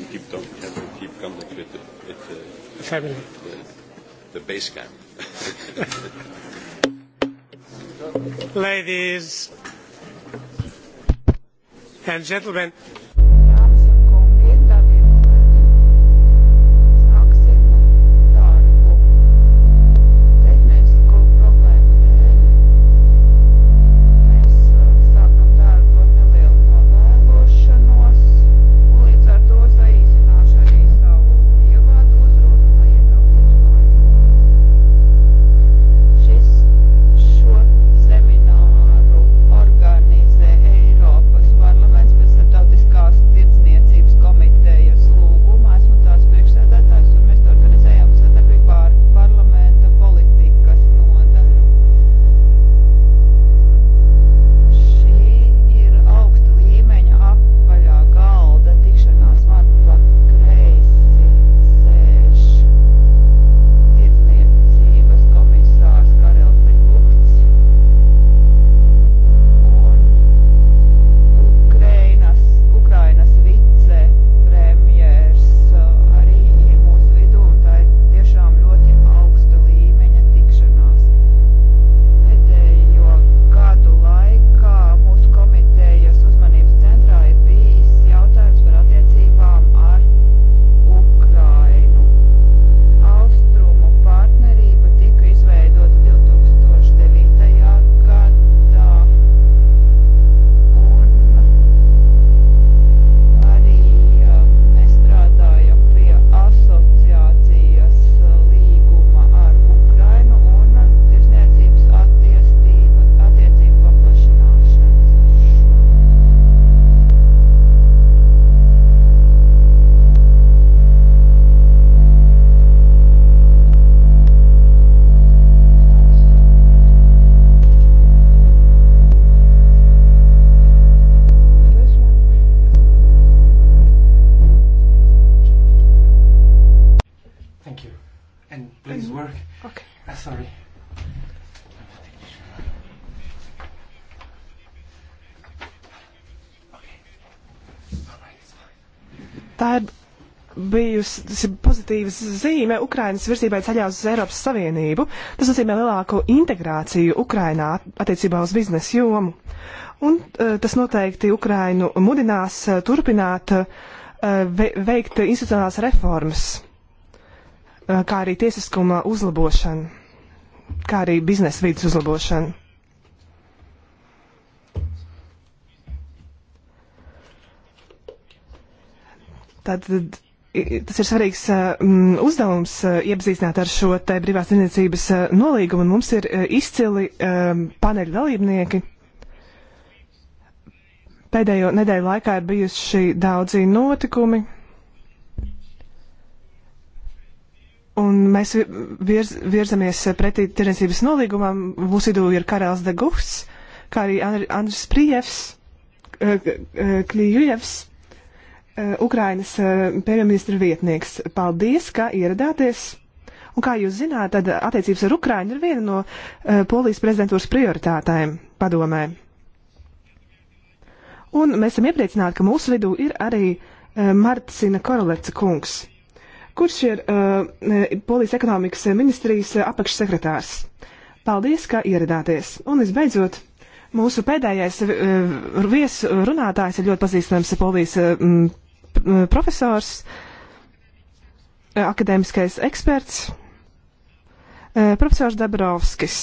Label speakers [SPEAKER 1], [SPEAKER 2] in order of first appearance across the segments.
[SPEAKER 1] you keep talking, you have to keep contact with the, with the family, the, the base camp.
[SPEAKER 2] Ladies and gentlemen, pozitīvs, tas ir pozitīvs zīme Ukrainas virzībai ceļā uz Eiropas Savienību. Tas nozīmē lielāku integrāciju Ukrainā attiecībā uz biznesu jomu. Un e, tas noteikti Ukrainu mudinās e, turpināt e, veikt institucionālās reformas, kā arī tiesiskuma uzlabošanu, kā arī biznesa vidas uzlabošanu. Tad tas ir svarīgs um, uzdevums uh, iepazīstināt ar šo te brīvās tirdzniecības uh, nolīgumu, un mums ir uh, izcili um, paneļu dalībnieki. Pēdējo nedēļu laikā ir bijuši daudzi notikumi, un mēs virz, virzamies pretī tirdzniecības nolīgumam. Mūsu vidū ir Karels de Guhs, kā arī Andris Prievs, Kļījujevs. Eh, Ukrainas eh, premjerministra vietnieks. Paldies, ka ieradāties. Un kā jūs zināt, tad attiecības ar Ukrainu ir viena no uh, polijas prezidentūras prioritātēm padomē. Un mēs esam iepriecināti, ka mūsu vidū ir arī uh, Marcina Koroleca kungs, kurš ir uh, polijas ekonomikas ministrijas apakšsekretārs. Paldies, ka ieradāties. Un visbeidzot. Mūsu pēdējais eh, viesrunātājs eh, ir ļoti pazīstams polijas eh, profesors, akadēmiskais eksperts, profesors Dabrovskis.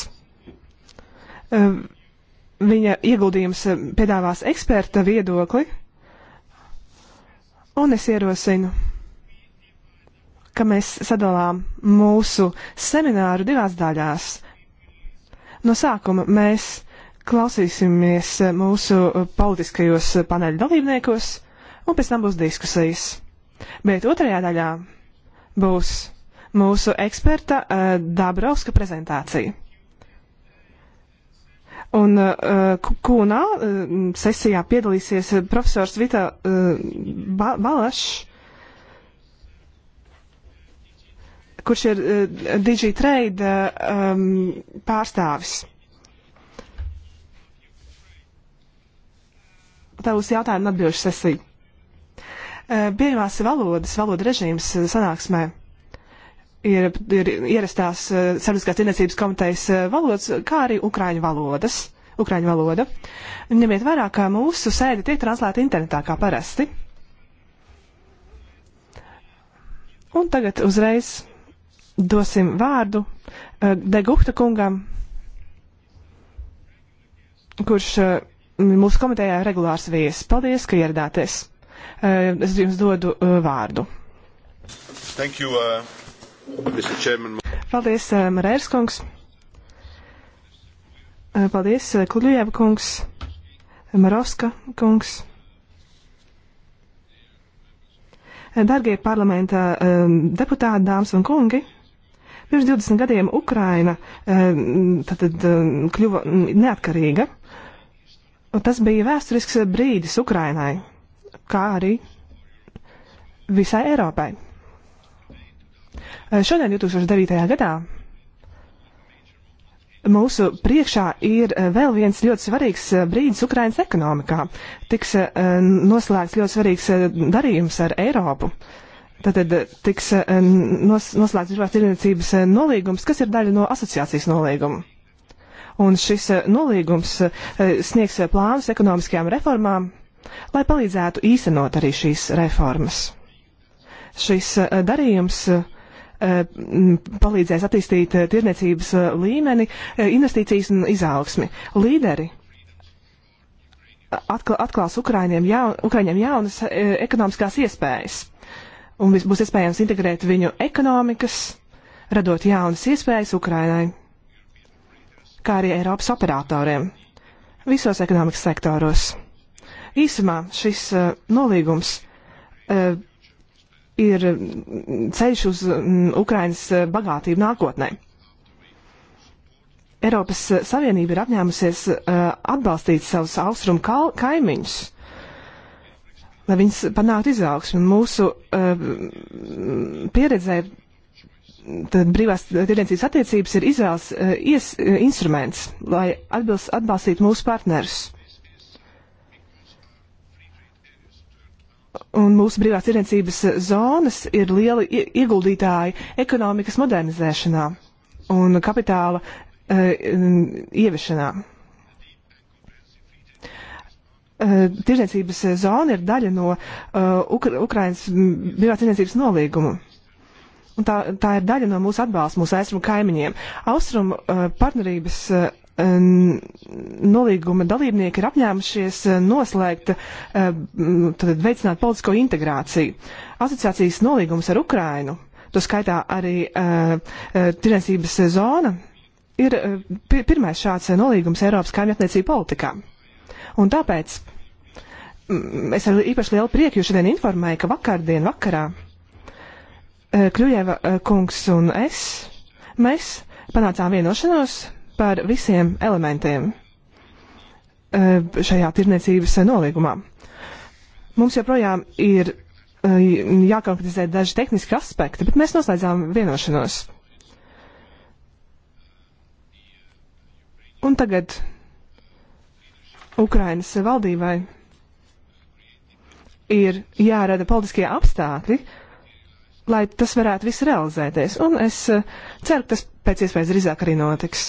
[SPEAKER 2] Viņa ieguldījums piedāvās eksperta viedokli, un es ierosinu ka mēs sadalām mūsu semināru divās daļās. No sākuma mēs klausīsimies eh, mūsu eh, politiskajos eh, paneļa dalībniekos, un pēc tam būs diskusijas. Bet otrajā daļā būs mūsu eksperta uh, Dabrovska prezentācija. Un uh, kūnā uh, sesijā piedalīsies profesors Vita uh, ba Balašs, kurš ir uh, DigiTrade uh, um, pārstāvis. tā būs jautājuma atbilžu sesija. Eh, Bijumās valodas, valoda režīms eh, sanāksmē ir, ir ierastās eh, Sabiedriskās tirniecības komitejas valodas, kā arī ukraiņu valodas. Ukraiņu valoda. Ņemiet vērā, ka mūsu sēde tiek translēta internetā kā parasti. Un tagad uzreiz dosim vārdu Degukta kungam, kurš mūsu komitejā regulārs viesis. Paldies, ka ieradāties. Eh, es jums dodu eh, vārdu. Thank you, uh, Paldies, eh, Marērs kungs. Paldies, Kuļujēva kungs, Marovska kungs. Dargie parlamenta deputāti, dāmas un kungi! Pirms 20 gadiem Ukraina tad, kļuva neatkarīga Un tas bija vēsturisks brīdis Ukrainai, kā arī visai Eiropai. Šodien, 2009. gadā, mūsu priekšā ir vēl viens ļoti svarīgs brīdis Ukrainas ekonomikā. Tiks noslēgts ļoti svarīgs darījums ar Eiropu. Tātad tiks noslēgts brīvās tirdzniecības nolīgums, kas ir daļa no asociācijas nolīguma un šis eh, nolīgums eh, sniegs eh, plānus ekonomiskajām reformām, lai palīdzētu īstenot arī šīs reformas. Šis darījums palīdzēs attīstīt tirniecības līmeni, investīcijas un izaugsmi. Līderi atklās Ukraiņiem, jaun, Ukraiņiem jaunas ekonomiskās iespējas, un būs iespējams integrēt viņu ekonomikas, radot jaunas iespējas Ukraiņai kā arī Eiropas operatoriem visos ekonomikas sektoros. Īsumā šis uh, nolīgums uh, ir ceļš uz um, Ukrainas uh, bagātību nākotnē. Eiropas Savienība ir apņēmusies atbalstīt savus austrumu kaimiņus, lai viņas panāktu izaugsmu. Mūsu pieredzē tad brīvās tirdzniecības attiecības ir izvēles eh, ies, eh, instruments, lai atbilst, atbalstītu mūsu partnerus. Un mūsu brīvās tirdzniecības eh, zonas ir lieli ieguldītāji ekonomikas modernizēšanā un kapitāla uh, ieviešanā. Uh, tirdzniecības zona ir daļa no uh, Ukra Ukrainas brīvās tirdzniecības nolīguma un tā, tā ir daļa no mūsu atbalsta mūsu austrumu kaimiņiem. Austrumu uh, eh, partnerības uh, nolīguma dalībnieki ir apņēmušies eh, noslēgt, uh, tad veicināt politisko integrāciju. Asociācijas nolīgums ar Ukrainu, to skaitā arī uh, tirensības zona, ir pir pirmais šāds nolīgums Eiropas kaimiņattiecību politikā. Un tāpēc es ar īpaši lielu prieku jūs šodien informēju, ka vakardien vakarā uh, Eh, Kļujeva eh, kungs un es, mēs panācām vienošanos par visiem elementiem eh, šajā tirniecības nolīgumā. Mums joprojām ir jākonkretizē daži tehniski aspekti, bet mēs noslēdzām vienošanos. Un tagad Ukrainas valdībai ir jārada politiskie apstākļi, lai tas varētu viss realizēties. Un es eh, ceru, ka tas pēc iespējas drīzāk arī notiks.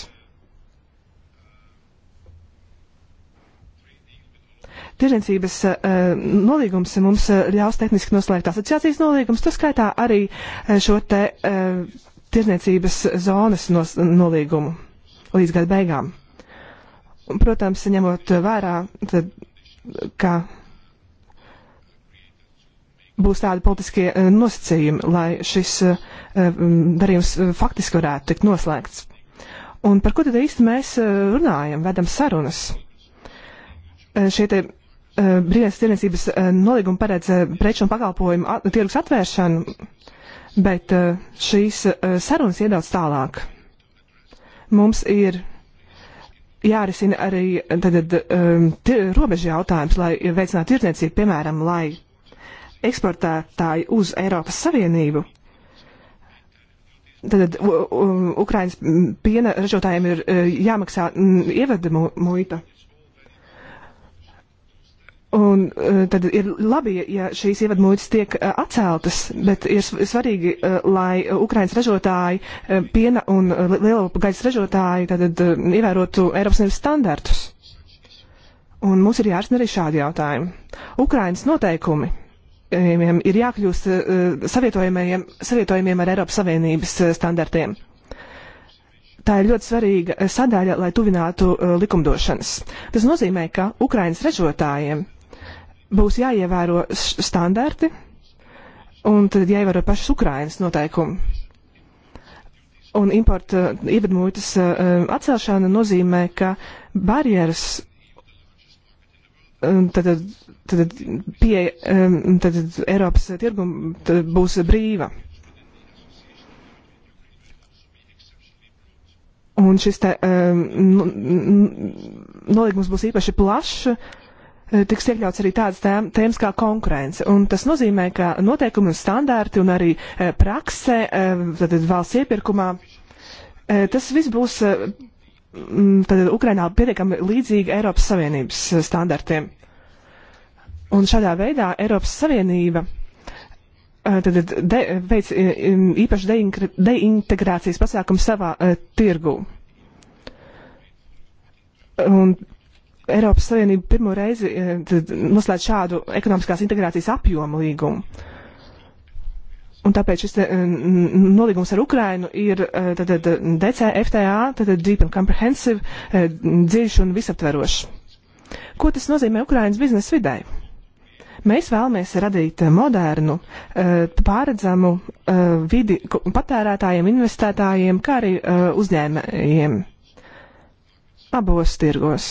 [SPEAKER 2] Tirzniecības uh, eh, nolīgums mums eh, ļaus tehniski noslēgt asociācijas nolīgums, tas skaitā arī šo te uh, tirzniecības zonas nos, nolīgumu līdz gada beigām. Protams, ņemot vērā, tad, ka būs tādi politiskie eh, nosacījumi, lai šis eh, eh, darījums faktiski varētu tikt noslēgts. Un par ko tad īsti mēs runājam, vedam sarunas? Šie te brīvās tirniecības nolīgumi paredz preču un pakalpojumu tirgus atvēršanu, bet šīs sarunas iedaudz tālāk. Mums ir jārisina arī tad, tad, robežu jautājums, lai veicinātu tirdzniecību, piemēram, lai eksportētāji uz Eiropas Savienību. Tad Ukrainas piena ražotājiem ir e, jāmaksā ievada mu, muita. Un e, tad ir labi, ja šīs ievadmuitas tiek e, atceltas, bet ir svarīgi, lai Ukrainas ražotāji, piena un lielopu gaļas ražotāji tad ievērotu Eiropas Savienības standartus. Un mums ir jārisina arī šādi jautājumi. Ukrainas noteikumi standartiem ir jākļūst eh, savietojamajiem, savietojamiem ar Eiropas Savienības eh, standartiem. Tā ir ļoti svarīga eh, sadaļa, lai tuvinātu likumdošanas. Tas nozīmē, ka Ukrainas ražotājiem būs jāievēro standarti un tad jāievēro pašas Ukrainas noteikumi. Un importa ievedmūtas atcelšana nozīmē, ka barjeras Um, tad, tad, pie, um, tad Eiropas tirgum tad būs brīva. Un šis te, um, nu, nu, nolīgums būs īpaši plašs, uh, tiks iekļauts arī tādas tēmas kā konkurence. Un tas nozīmē, ka noteikumi un standārti un arī uh, praksē, uh, tad valsts iepirkumā, tas viss būs Mm, tad Ukrainā pietiekami līdzīga Eiropas Savienības eh, standartiem. Un šādā veidā Eiropas Savienība eh, tad de, veic eh, īpašu deintegrācijas pasākumu savā uh, tirgū. Un Eiropas Savienība pirmo reizi uh, noslēdz šādu ekonomiskās integrācijas apjomu līgumu. Un tāpēc šis eh, nolīgums ar Ukrainu ir eh, tad, DCFTA, tad Deep and Comprehensive, eh, dziļš un visaptverošs. Ko tas nozīmē Ukrainas biznesa vidē? Mēs vēlamies radīt modernu, pāredzamu vidi patērētājiem, investētājiem, kā arī uzņēmējiem abos tirgos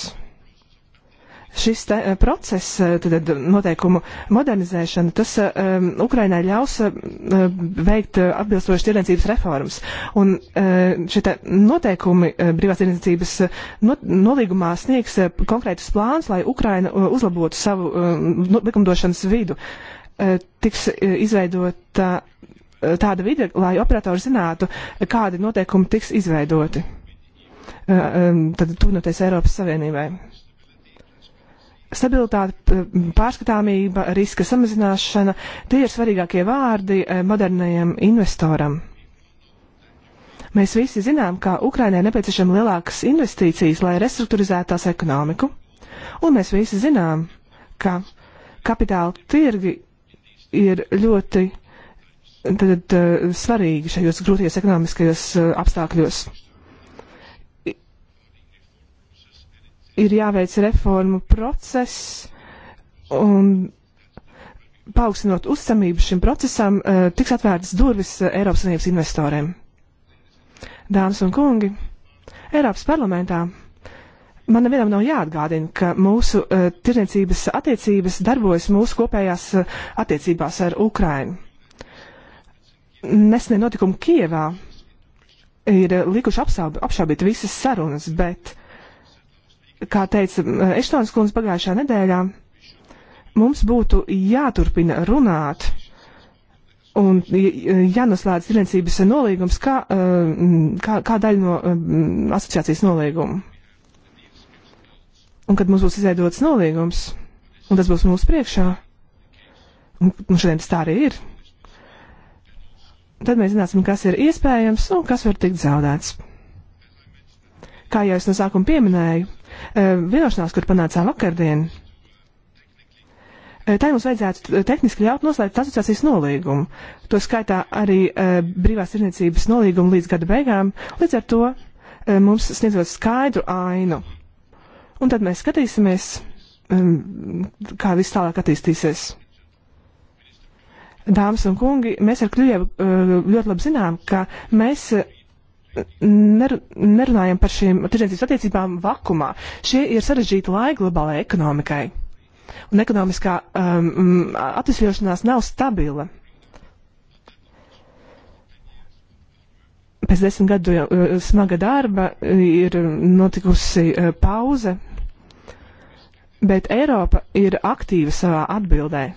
[SPEAKER 2] šis te, eh, process, eh, tad noteikumu modernizēšana, tas um, Ukrainai ļaus uh, veikt uh, atbilstoši tirdzniecības reformas. Un uh, šie noteikumi uh, brīvās tirdzniecības uh, no, nolīgumā sniegs uh, konkrētus plānus, lai Ukraina uh, uzlabotu savu uh, likumdošanas vidu. Uh, tiks uh, izveidota uh, tāda vide, lai operatori zinātu, kādi noteikumi tiks izveidoti. Uh, um, tad tuvinoties Eiropas Savienībai. Stabilitāte, eh, pārskatāmība, riska samazināšana - tie ir svarīgākie vārdi eh, modernajam investoram. Mēs visi zinām, ka Ukrainai nepieciešama lielākas investīcijas, lai restruktūrizētu tās ekonomiku. Un mēs visi zinām, ka kapitāla tirgi ir ļoti tad, eh, svarīgi šajos grūtajos ekonomiskajos apstākļos. ir jāveic reformu process un paaugstinot uzticamību šim procesam, e, tiks atvērtas durvis e, Eiropas Savienības investoriem. Dāmas un kungi, Eiropas parlamentā man nevienam nav jāatgādina, ka mūsu uh, e, tirniecības attiecības darbojas mūsu kopējās uh, attiecībās ar Ukrainu. Nesenie notikumi Kievā ir uh, likuši apšaubīt visas sarunas, bet uh, kā teica eh, Eštons kundze pagājušā nedēļā, mums būtu jāturpina runāt un jānoslēdz tirdzniecības nolīgums kā, eh, kā, kā daļa no eh, asociācijas nolīguma. Un kad mums būs izveidots nolīgums, un tas būs mūsu priekšā, un, un nu, šodien tas tā arī ir, tad mēs zināsim, kas ir iespējams un kas var tikt zaudēts. Kā jau es no sākuma pieminēju, Eh, vienošanās, kur panācām vakardien, eh, tā mums vajadzētu tehniski ļaut noslēgt asociācijas nolīgumu. To skaitā arī eh, brīvās tirniecības nolīgumu līdz gada beigām, līdz ar to mums sniedzot skaidru ainu. Un tad mēs skatīsimies, ehm, kā viss tālāk attīstīsies. Dāmas un kungi, mēs ar Kļievu ļoti labi zinām, ka mēs ner nerunājam par šīm tirdzniecības attiecībām vakumā. Šie ir sarežģīti laiki globālajai ekonomikai. Un ekonomiskā um, atvesļošanās nav stabila. Pēc desmit gadu uh, smaga darba ir notikusi uh, pauze, bet Eiropa ir aktīva savā atbildē.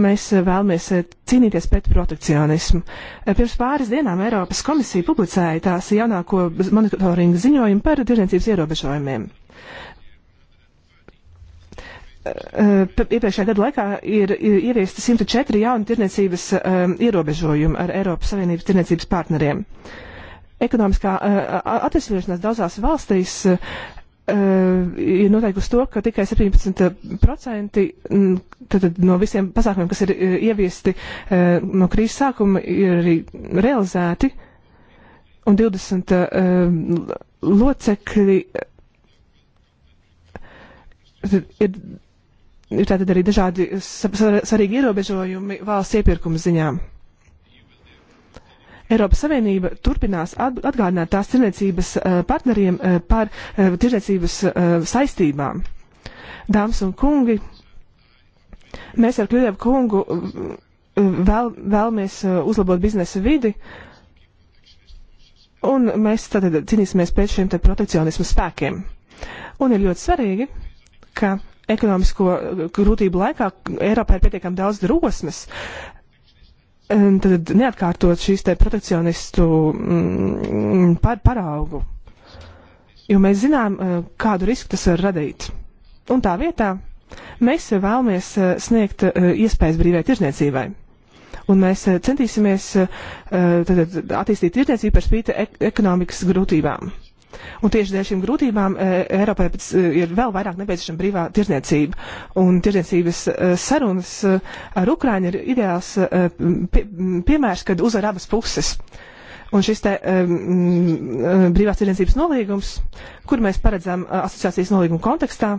[SPEAKER 2] Mēs eh, vēlamies eh, cīnīties pret protekcionismu. Eh, pirms pāris dienām Eiropas komisija publicēja tās jaunāko monitoringa ziņojumu par tirdzniecības ierobežojumiem. Iepriekšējā gada laikā ir ieviesti 104 jauni tirdzniecības ierobežojumi ar Eiropas Savienības tirdzniecības partneriem. Ekonomiskā atvesļošanās daudzās valstīs Eh, ir noteikusi to, ka tikai 17% tātad, mm, no visiem pasākumiem, kas ir eh, ieviesti eh, no krīzes sākuma, ir arī realizēti, un 20 uh, locekļi ir, ir tātad arī dažādi svarīgi ierobežojumi valsts iepirkuma ziņām. Eiropas Savienība turpinās atgādināt tās tirniecības eh, partneriem eh, par eh, tirniecības saistībām. Dāmas un kungi, mēs ar Kļuļevu kungu vēl, vēlamies uzlabot biznesa vidi. Un mēs tad cīnīsimies pēc šiem protekcionismu spēkiem. Un ir ļoti svarīgi, ka ekonomisko grūtību laikā Eiropā ir pietiekami daudz drosmes tad neatkārtot šīs te protekcionistu mm, par, paraugu. Jo mēs zinām, eh, kādu risku tas var radīt. Un tā vietā mēs vēlamies eh, sniegt eh, iespējas brīvai tirzniecībai. Un mēs centīsimies tad, attīstīt tirzniecību par spīti ekonomikas grūtībām. Un tieši dēļ šīm grūtībām eh, Eiropai pēc, eh, ir vēl vairāk nepieciešama brīvā tirdzniecība. Un tirdzniecības eh, sarunas ar Ukraiņu ir ideāls pie, piemērs, kad uzvar abas puses. Un šis te um, brīvās tirdzniecības nolīgums, kur mēs paredzam asociācijas nolīgumu kontekstā,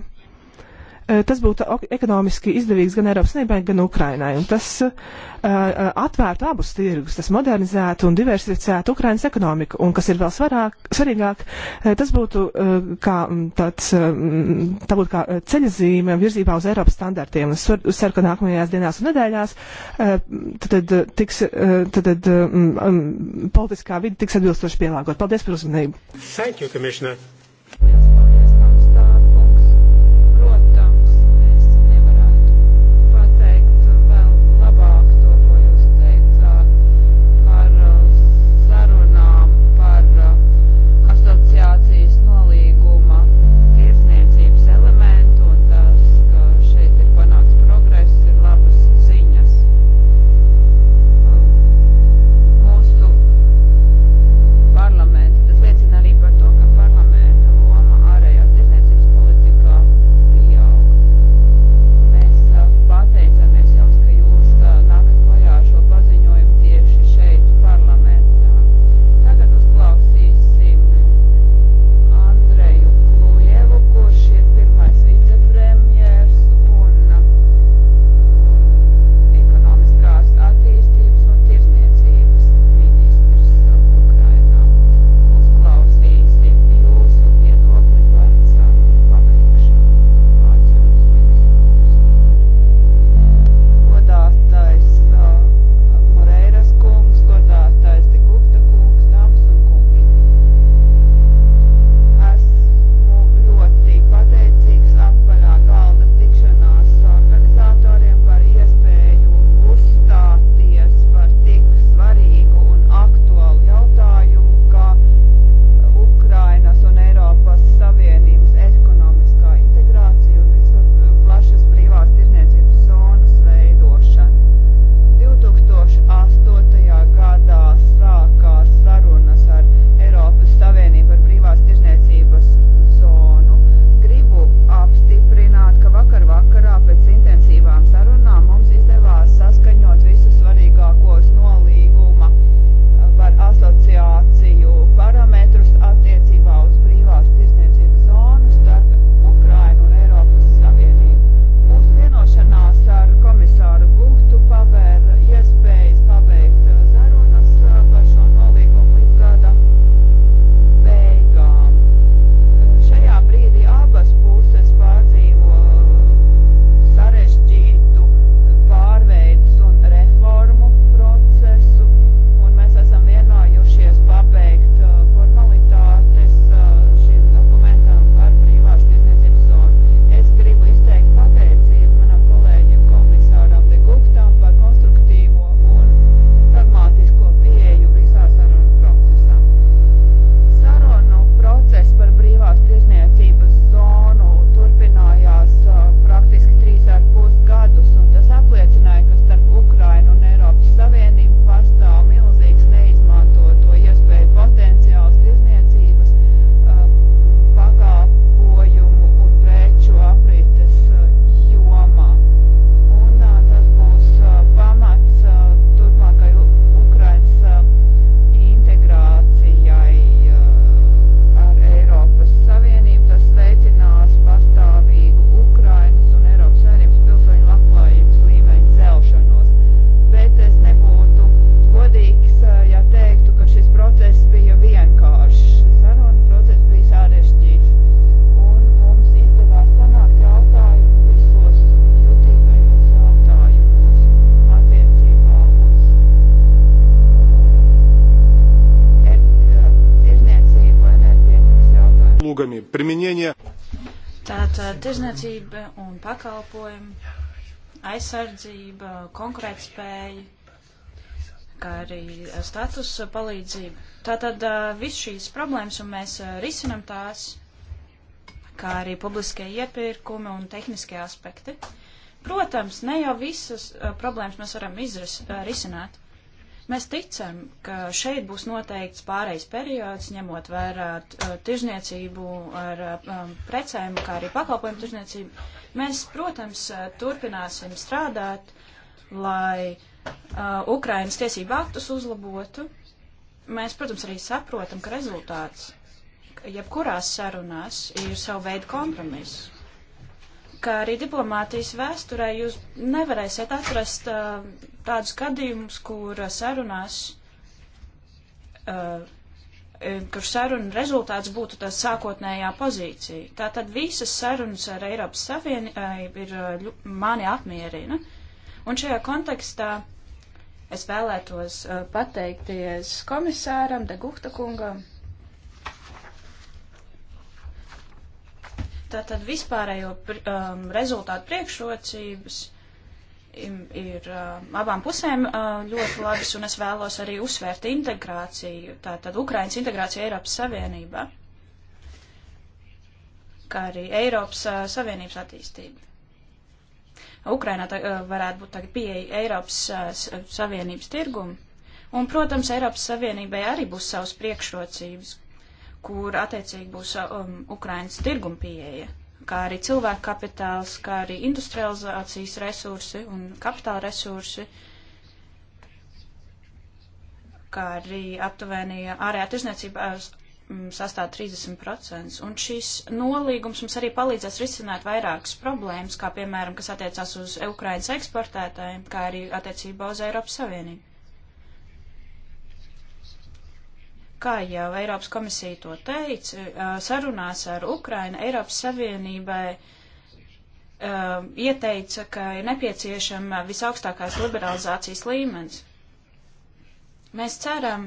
[SPEAKER 2] Eh, tas būtu ekonomiski izdevīgs gan Eiropas Savienībai, gan Ukrainai. Un tas uh, atvērtu abus tirgus, tas modernizētu un diversificētu Ukrainas ekonomiku. Un kas ir vēl svarāk, svarīgāk, tas būtu uh, kā, mm, tāds, mm, tā būtu kā ceļazīme virzībā uz Eiropas standartiem. Es ceru, ka nākamajās dienās un nedēļās uh, tad, tiks, tad, um, politiskā vidi tiks atbilstoši pielāgot. Paldies par uzmanību. Thank you, Commissioner.
[SPEAKER 1] Tātad eh, tirzniecība
[SPEAKER 3] un pakalpojumi, aizsardzība, konkurētspēja, kā arī eh, status palīdzība. Tātad eh, viss šīs problēmas, un mēs risinam tās, kā arī publiskie iepirkumi un tehniskie aspekti. Protams, ne jau visas problēmas mēs varam izris, risināt. Mēs ticam, ka šeit būs noteikts pārejas periods, ņemot vērā uh, tirzniecību ar uh, um, precēm, kā arī pakalpojumu tirzniecību. Mēs, protams, uh, turpināsim strādāt, lai Ukrainas tiesību aktus uzlabotu. Mēs, protams, arī saprotam, ka rezultāts jebkurās sarunās ir savu veidu kompromiss ka arī diplomātijas vēsturē jūs nevarēsiet atrast uh, tādus gadījumus, kur eh, sarunās, uh, kur saruna rezultāts būtu tā sākotnējā pozīcija. Tātad visas sarunas ar Eiropas Savienību ir ļu, mani apmierina. Un šajā kontekstā es vēlētos uh, pateikties komisāram Degukta kungam. Tātad vispārējo um, rezultātu priekšrocības ir uh, abām pusēm uh, ļoti labas, un es vēlos arī uzsvērt integrāciju, tātad Ukrainas integrācija Eiropas Savienībā, kā arī Eiropas uh, Savienības attīstība. Ukrainā tā, varētu būt tagad pieeja Eiropas Savienības tirgumu, un, protams, Eiropas Savienībai arī būs savas priekšrocības, kur attiecīgi būs um, Ukrainas tirguma pieeja kā arī cilvēku kapitāls, kā arī industrializācijas resursi un kapitāla resursi, kā arī aptuveni ārējā tirzniecība eh, sastāv 30%. Un šis nolīgums mums arī palīdzēs risināt vairākas problēmas, kā piemēram, kas attiecās uz Ukrainas eksportētājiem, kā arī attiecībā uz Eiropas Savienību. Kā jau Eiropas komisija to teica, sarunās ar Ukrainu Eiropas Savienībai ieteica, ka ir nepieciešama visaugstākās liberalizācijas līmenis. Mēs ceram,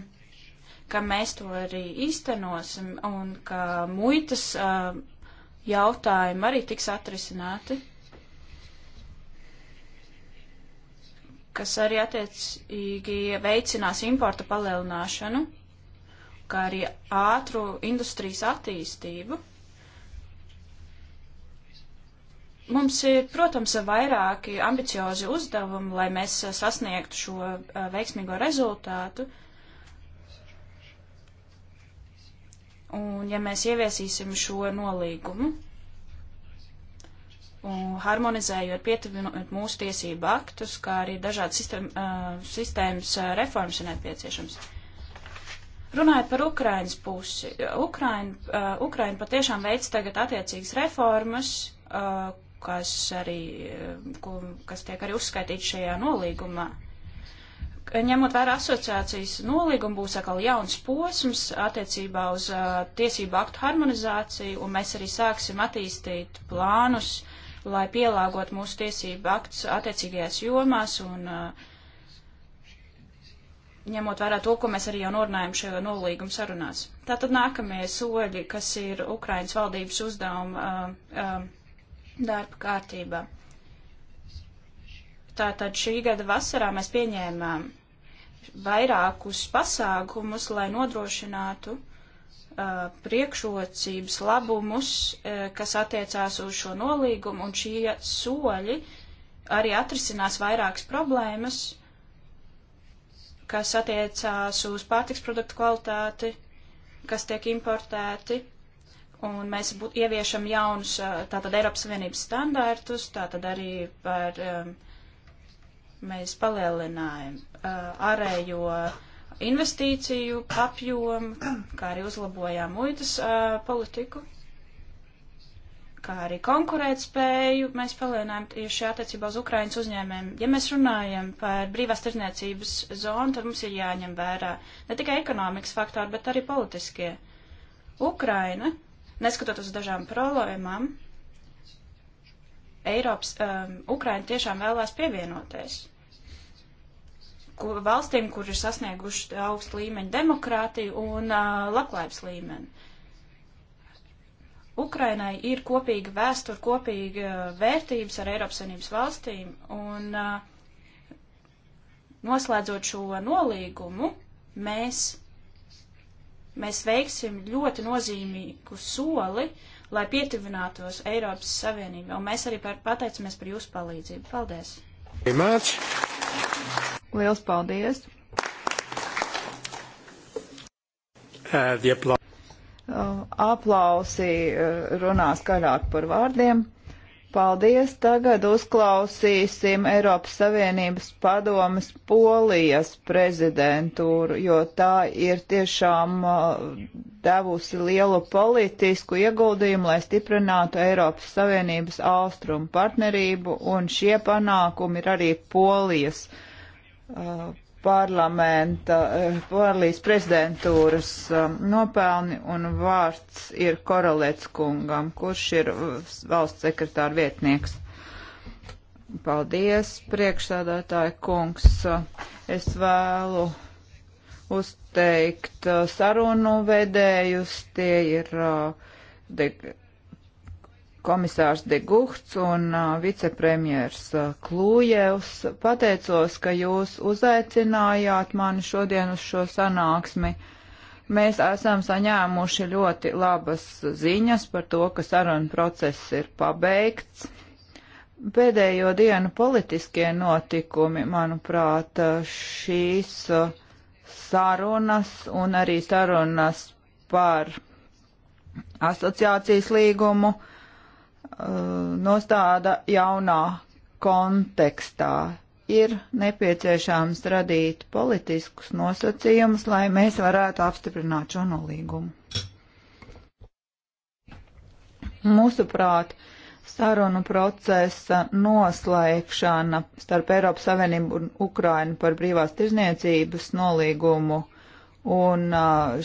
[SPEAKER 3] ka mēs to arī īstenosim un ka muitas jautājumi arī tiks atrisināti. kas arī attiecīgi veicinās importa palielināšanu kā arī ātru industrijas attīstību. Mums ir, protams, vairāki ambiciozi uzdevumi, lai mēs sasniegtu šo eh, veiksmīgo rezultātu. Un ja mēs ieviesīsim šo nolīgumu, harmonizējot, pietuvinot mūsu tiesību aktus, kā arī dažādas sistēma, eh, sistēmas eh, reformas ir nepieciešams. Runājot par Ukrainas pusi, Ukraina, uh, Ukraina patiešām veic tagad attiecīgas reformas, uh, kas, arī, uh, ko, kas tiek arī uzskaitīts šajā nolīgumā. Ņemot vērā asociācijas nolīgumu, būs atkal jauns posms attiecībā uz uh, tiesību aktu harmonizāciju, un mēs arī sāksim attīstīt plānus, lai pielāgot mūsu tiesību aktus attiecīgajās jomās un uh, ņemot vērā to, ko mēs arī jau norunājam šajā nolīguma sarunās. Tātad nākamie soļi, kas ir Ukrainas valdības uzdevuma
[SPEAKER 2] darba
[SPEAKER 3] kārtībā. Tātad šī gada vasarā mēs pieņēmām vairākus pasākumus, lai nodrošinātu priekšrocības labumus, kas attiecās uz šo nolīgumu, un šie soļi arī atrisinās vairākas problēmas, uh, kas attiecās uz pārtiks produktu kvalitāti, kas tiek importēti, un mēs būt, ieviešam jaunus tātad Eiropas Savienības standārtus, tātad arī par mēs palielinājam ārējo investīciju apjomu, kā arī uzlabojām muitas politiku kā arī konkurētspēju mēs palielinājām tieši attiecībā uz Ukrainas uzņēmēm. Ja mēs runājam par brīvās tirdzniecības zonu, tad mums ir jāņem vērā ne tikai ekonomikas faktori, bet arī politiskie. Ukraina, neskatoties uz dažām problēmām, Eiropas, um, Ukraina tiešām vēlēs pievienoties kur, valstīm, kur ir sasnieguši augstu līmeņu demokrātiju un uh, labklājības līmeni. Ukrainai ir kopīga vēsture, kopīga vērtības ar Eiropas Savienības valstīm, un uh, noslēdzot šo nolīgumu, mēs, mēs veiksim ļoti nozīmīgu soli, lai pietuvinātos Eiropas Savienībai, un mēs arī par, pateicamies par jūsu palīdzību. Paldies!
[SPEAKER 1] Liels paldies! Uh, Uh, aplausi uh, runā skaļāk par vārdiem. Paldies! Tagad uzklausīsim Eiropas Savienības padomas Polijas prezidentūru, jo tā ir tiešām uh, devusi lielu politisku ieguldījumu, lai stiprinātu Eiropas Savienības austrumu partnerību, un šie panākumi ir arī Polijas uh, parlamenta, eh, Polijas prezidentūras eh, nopelni un vārds ir Korolēts kungam, kurš ir eh, valsts sekretāra vietnieks. Paldies, priekšsādātāja kungs. Es vēlu uzteikt sarunu vedējus. Tie ir uh, komisārs De Guhts un vicepremjers Klūjevs. Pateicos, ka jūs uzaicinājāt mani šodien uz šo sanāksmi. Mēs esam saņēmuši ļoti labas ziņas par to, ka saruna process ir pabeigts. Pēdējo dienu politiskie notikumi, manuprāt, šīs sarunas un arī sarunas par asociācijas līgumu uh, Uh, nostāda jaunā kontekstā. Ir nepieciešams radīt politiskus nosacījumus, lai mēs varētu apstiprināt šo nolīgumu. Mūsuprāt, sarunu procesa noslēgšana starp Eiropas Savienību un Ukrainu par brīvās tirzniecības nolīgumu Un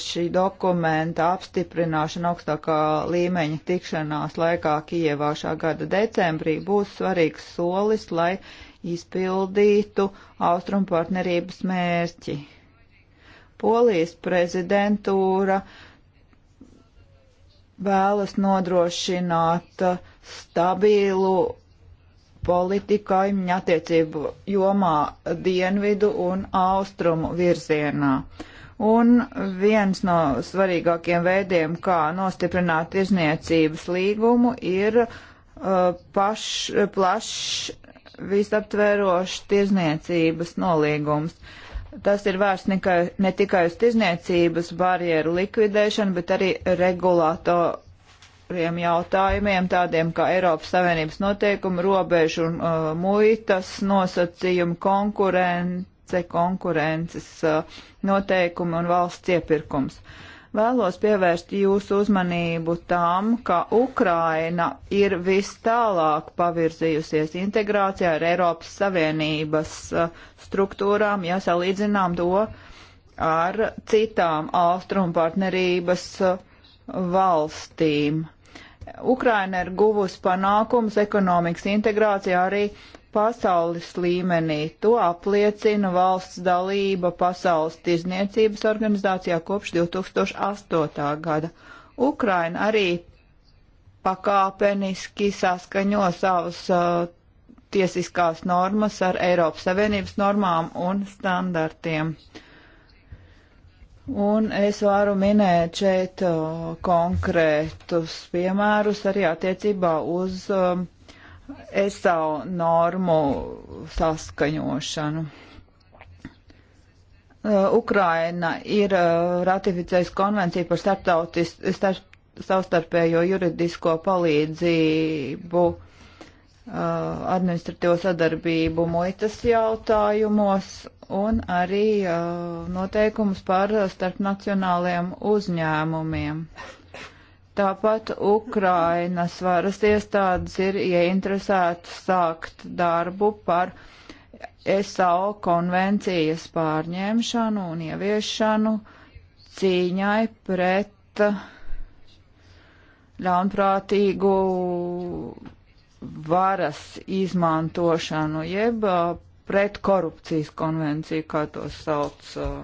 [SPEAKER 1] šī dokumenta apstiprināšana augstākā līmeņa tikšanās laikā Kijevā šā gada decembrī būs svarīgs solis, lai izpildītu austrumu partnerības mērķi. Polijas prezidentūra vēlas nodrošināt stabilu politiku kaimiņu attiecību jomā dienvidu un austrumu virzienā. Uh, Un viens no svarīgākiem veidiem, kā nostiprināt izniecības līgumu, ir uh, paš, plašs visaptverošs tirzniecības nolīgums. Tas ir vērsts nekai, ne tikai uz tirzniecības barjeru likvidēšanu, bet arī regulatoriem jautājumiem, tādiem kā Eiropas Savienības noteikumu, robežu un uh, muitas nosacījumu konkurentu te konkurences uh, noteikumi un valsts iepirkums. Vēlos pievērst jūsu uzmanību tam, ka Ukraina ir vis tālāk pavirzījusies integrācijā ar Eiropas Savienības uh, struktūrām, ja salīdzinām to ar citām austrumu partnerības uh, valstīm. Ukraina ir guvusi panākums ekonomikas integrācijā arī pasaules līmenī. To apliecina valsts dalība Pasaules tirzniecības organizācijā kopš 2008. gada. Ukraina arī pakāpeniski saskaņo savas uh, tiesiskās normas ar Eiropas Savienības normām un standartiem. Un es varu minēt šeit uh, konkrētus piemērus arī attiecībā uz uh, ESAU normu saskaņošanu. Uh, Ukraina ir uh, ratificējusi konvenciju par starptautis, starp, savstarpējo juridisko palīdzību, uh, administratīvo sadarbību muitas jautājumos un arī noteikumus par starpnacionāliem uzņēmumiem. Tāpat Ukrainas varas iestādes ir ieinteresētas sākt darbu par SAO konvencijas pārņemšanu un ieviešanu cīņai pret ļaunprātīgu varas izmantošanu, jeb uh, pret korupcijas konvenciju, kā to sauc uh,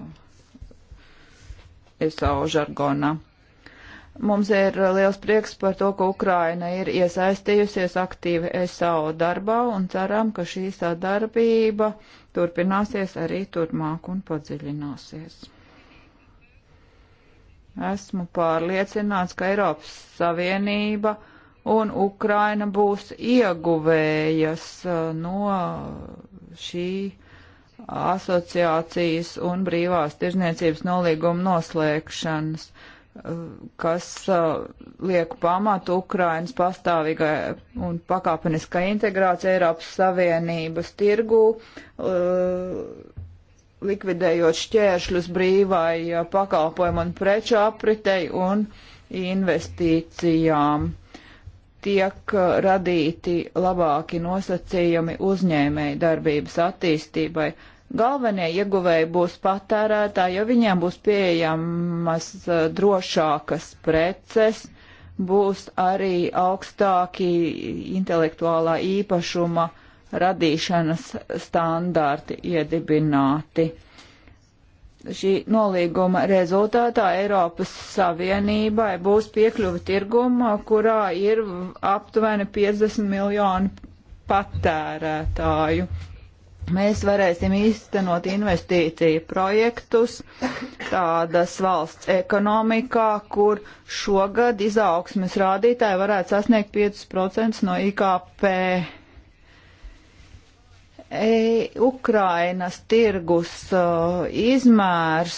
[SPEAKER 1] SAO žargonā. Mums ir uh, liels prieks par to, ka Ukraina ir iesaistījusies aktīvi e SAO darbā un ceram, ka šī sadarbība turpināsies arī turpmāk un padziļināsies. Esmu pārliecināts, ka Eiropas Savienība un Ukraina būs ieguvējas uh, no šī asociācijas un brīvās tirzniecības nolīguma noslēgšanas kas uh, liek pamatu Ukrainas pastāvīgai un pakāpeniskai integrācijai Eiropas Savienības tirgū, uh, likvidējot šķēršļus brīvai uh, pakalpojumu un preču apritei un investīcijām. Tiek radīti labāki nosacījumi uzņēmēji darbības attīstībai, Galvenie ieguvēji būs patērētāji, jo viņiem būs pieejamas drošākas preces, būs arī augstāki intelektuālā īpašuma radīšanas standarti iedibināti šī nolīguma rezultātā Eiropas Savienībai būs piekļuva tirguma, kurā ir aptuveni 50 miljoni patērētāju mēs varēsim īstenot investīciju projektus tādas valsts ekonomikā, kur šogad izaugsmes rādītāji varētu sasniegt 5% no IKP. E, Ukrainas tirgus uh, izmērs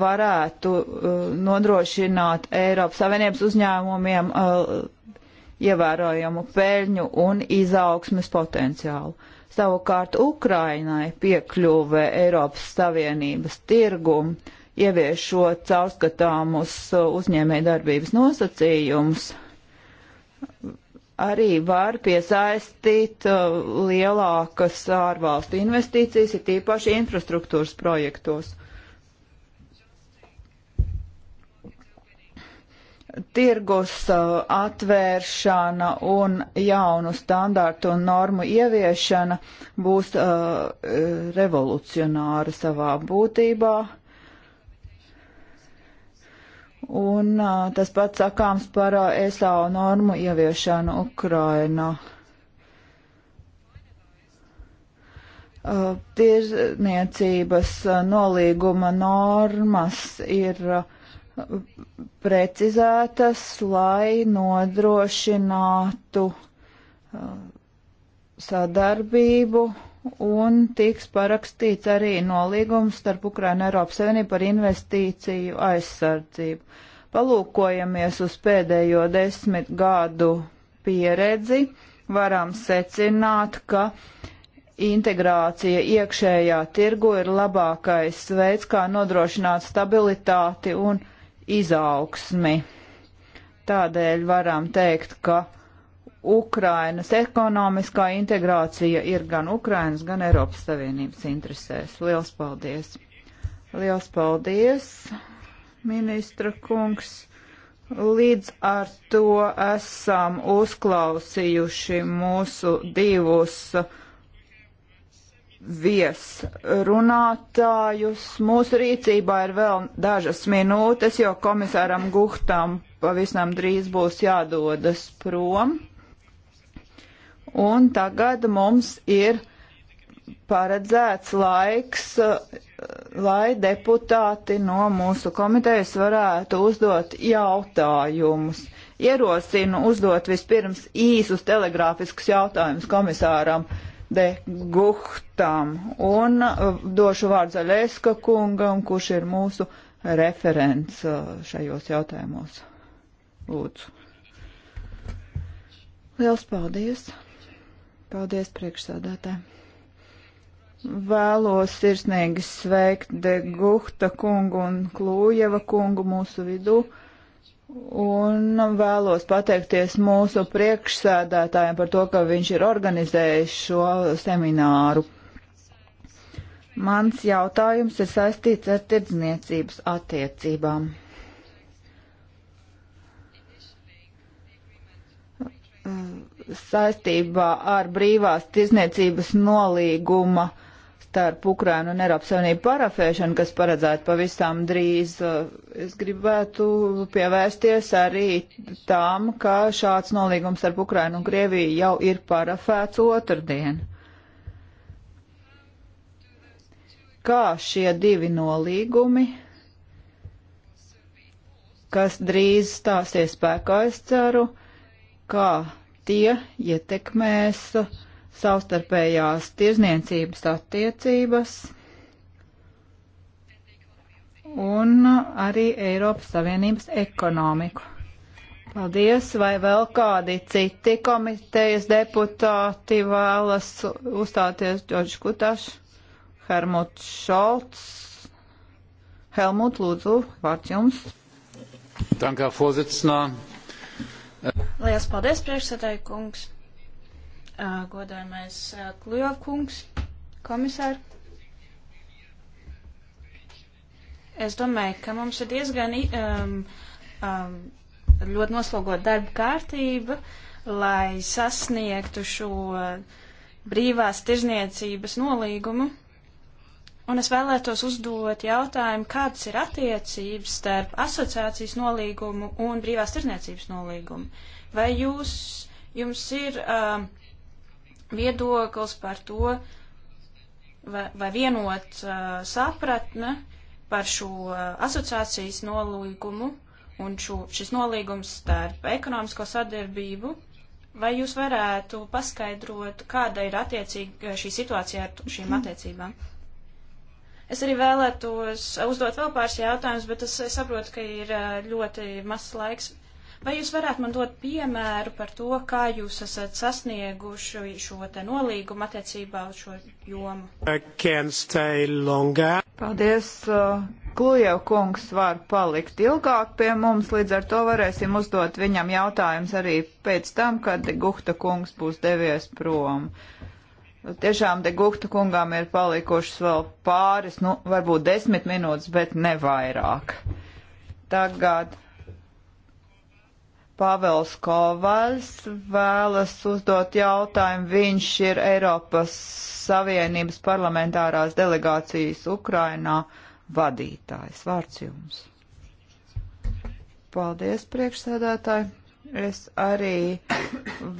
[SPEAKER 1] varētu uh, nodrošināt Eiropas Savienības uzņēmumiem uh, e, ievērojamu peļņu un izaugsmes potenciālu. Savukārt Ukrainai piekļuve Eiropas Savienības tirgumu, ieviešot caurskatāmus uh, uzņēmēju darbības nosacījumus, arī var piesaistīt uh, lielākas ārvalstu investīcijas, ir tīpaši infrastruktūras projektos. tirgus uh, atvēršana un jaunu standārtu un normu ieviešana būs uh, revolucionāri savā būtībā. Un uh, tas pats sakāms par uh, ESAU normu ieviešanu Ukrainā. Uh, tirzniecības uh, nolīguma normas ir uh, precizētas, lai nodrošinātu uh, sadarbību un tiks parakstīts arī nolīgums starp Ukrainu un Eiropas Savienību par investīciju aizsardzību. Palūkojamies uz pēdējo desmit gadu pieredzi, varam secināt, ka integrācija iekšējā tirgu ir labākais veids, kā nodrošināt stabilitāti un izaugsmi. Tādēļ varam teikt, ka Ukrainas ekonomiskā integrācija ir gan Ukrainas, gan Eiropas Savienības interesēs. Liels paldies! Liels paldies, ministra kungs! Līdz ar to esam uzklausījuši mūsu divus uh, viesrunātājus. Mūsu rīcībā ir vēl dažas minūtes, jo komisāram Guhtam pavisam drīz būs jādodas prom. Un tagad mums ir paredzēts laiks, lai deputāti no mūsu komitejas varētu uzdot jautājumus. Ierosinu uzdot vispirms īsus telegrāfiskus jautājumus komisāram uh, de Guhtam un uh, došu vārdu Zaļeska kungam, kurš ir mūsu referents uh, šajos jautājumos. Lūdzu. Liels paldies! Paldies priekšsādātājai! Vēlos sirsnīgi sveikt Degukta kungu un Klūjeva kungu mūsu vidū. Uh, Un vēlos pateikties mūsu priekšsēdētājiem par to, ka viņš ir organizējis šo semināru. Mans jautājums ir saistīts ar tirdzniecības attiecībām. Saistībā ar brīvās tirdzniecības nolīguma uh, starp Ukrainu un Eiropas Savienību parafēšanu, kas paredzētu pavisam drīz, uh, es gribētu pievērsties arī tām, ka šāds nolīgums starp Ukrainu un Krieviju jau ir parafēts otrdien. Kā šie divi nolīgumi, kas drīz stāsies spēkā, es ceru, kā tie ietekmēs uh, savstarpējās tirzniecības attiecības un arī Eiropas Savienības ekonomiku. Paldies, vai vēl kādi citi komitejas deputāti vēlas uzstāties Džordžs Kutaš, Hermuts Šolts, Helmut Lūdzu, vārds jums. Tankā pozicinā.
[SPEAKER 3] Lielas paldies, priekšsēdētāji kungs godājumais Kljovkungs, komisār. Es domāju, ka mums ir diezgan um, um, ļoti noslogot darba kārtība, lai sasniegtu šo brīvās tirzniecības nolīgumu. Un es vēlētos uzdot jautājumu, kādas ir attiecības starp asociācijas nolīgumu un brīvās tirzniecības nolīgumu. Vai jūs, jums ir uh, um, viedoklis par to, vai, vai vienot uh, sapratne par šo uh, asociācijas nolīgumu un šo, šis nolīgums starp ekonomisko sadarbību. Vai jūs varētu paskaidrot, kāda ir attiecīga šī situācija ar šīm attiecībām? Es arī vēlētos uzdot vēl pāris jautājumus, bet es saprotu, ka ir uh, ļoti mazs laiks Vai jūs varētu man dot piemēru par to, kā jūs esat sasnieguši šo te nolīgumu attiecībā uz šo jomu?
[SPEAKER 1] Paldies! Uh, Klujev kungs var palikt ilgāk pie mums, līdz ar to varēsim uzdot viņam jautājums arī pēc tam, kad Guhta kungs būs devies prom. Tiešām te Guhta kungām ir palikušas vēl pāris, nu, varbūt desmit minūtes, bet ne vairāk. Tagad Pavels Kovaļs vēlas uzdot jautājumu. Viņš ir Eiropas Savienības parlamentārās delegācijas Ukrainā vadītājs. Vārds jums. Paldies, priekšsēdētāji. Es arī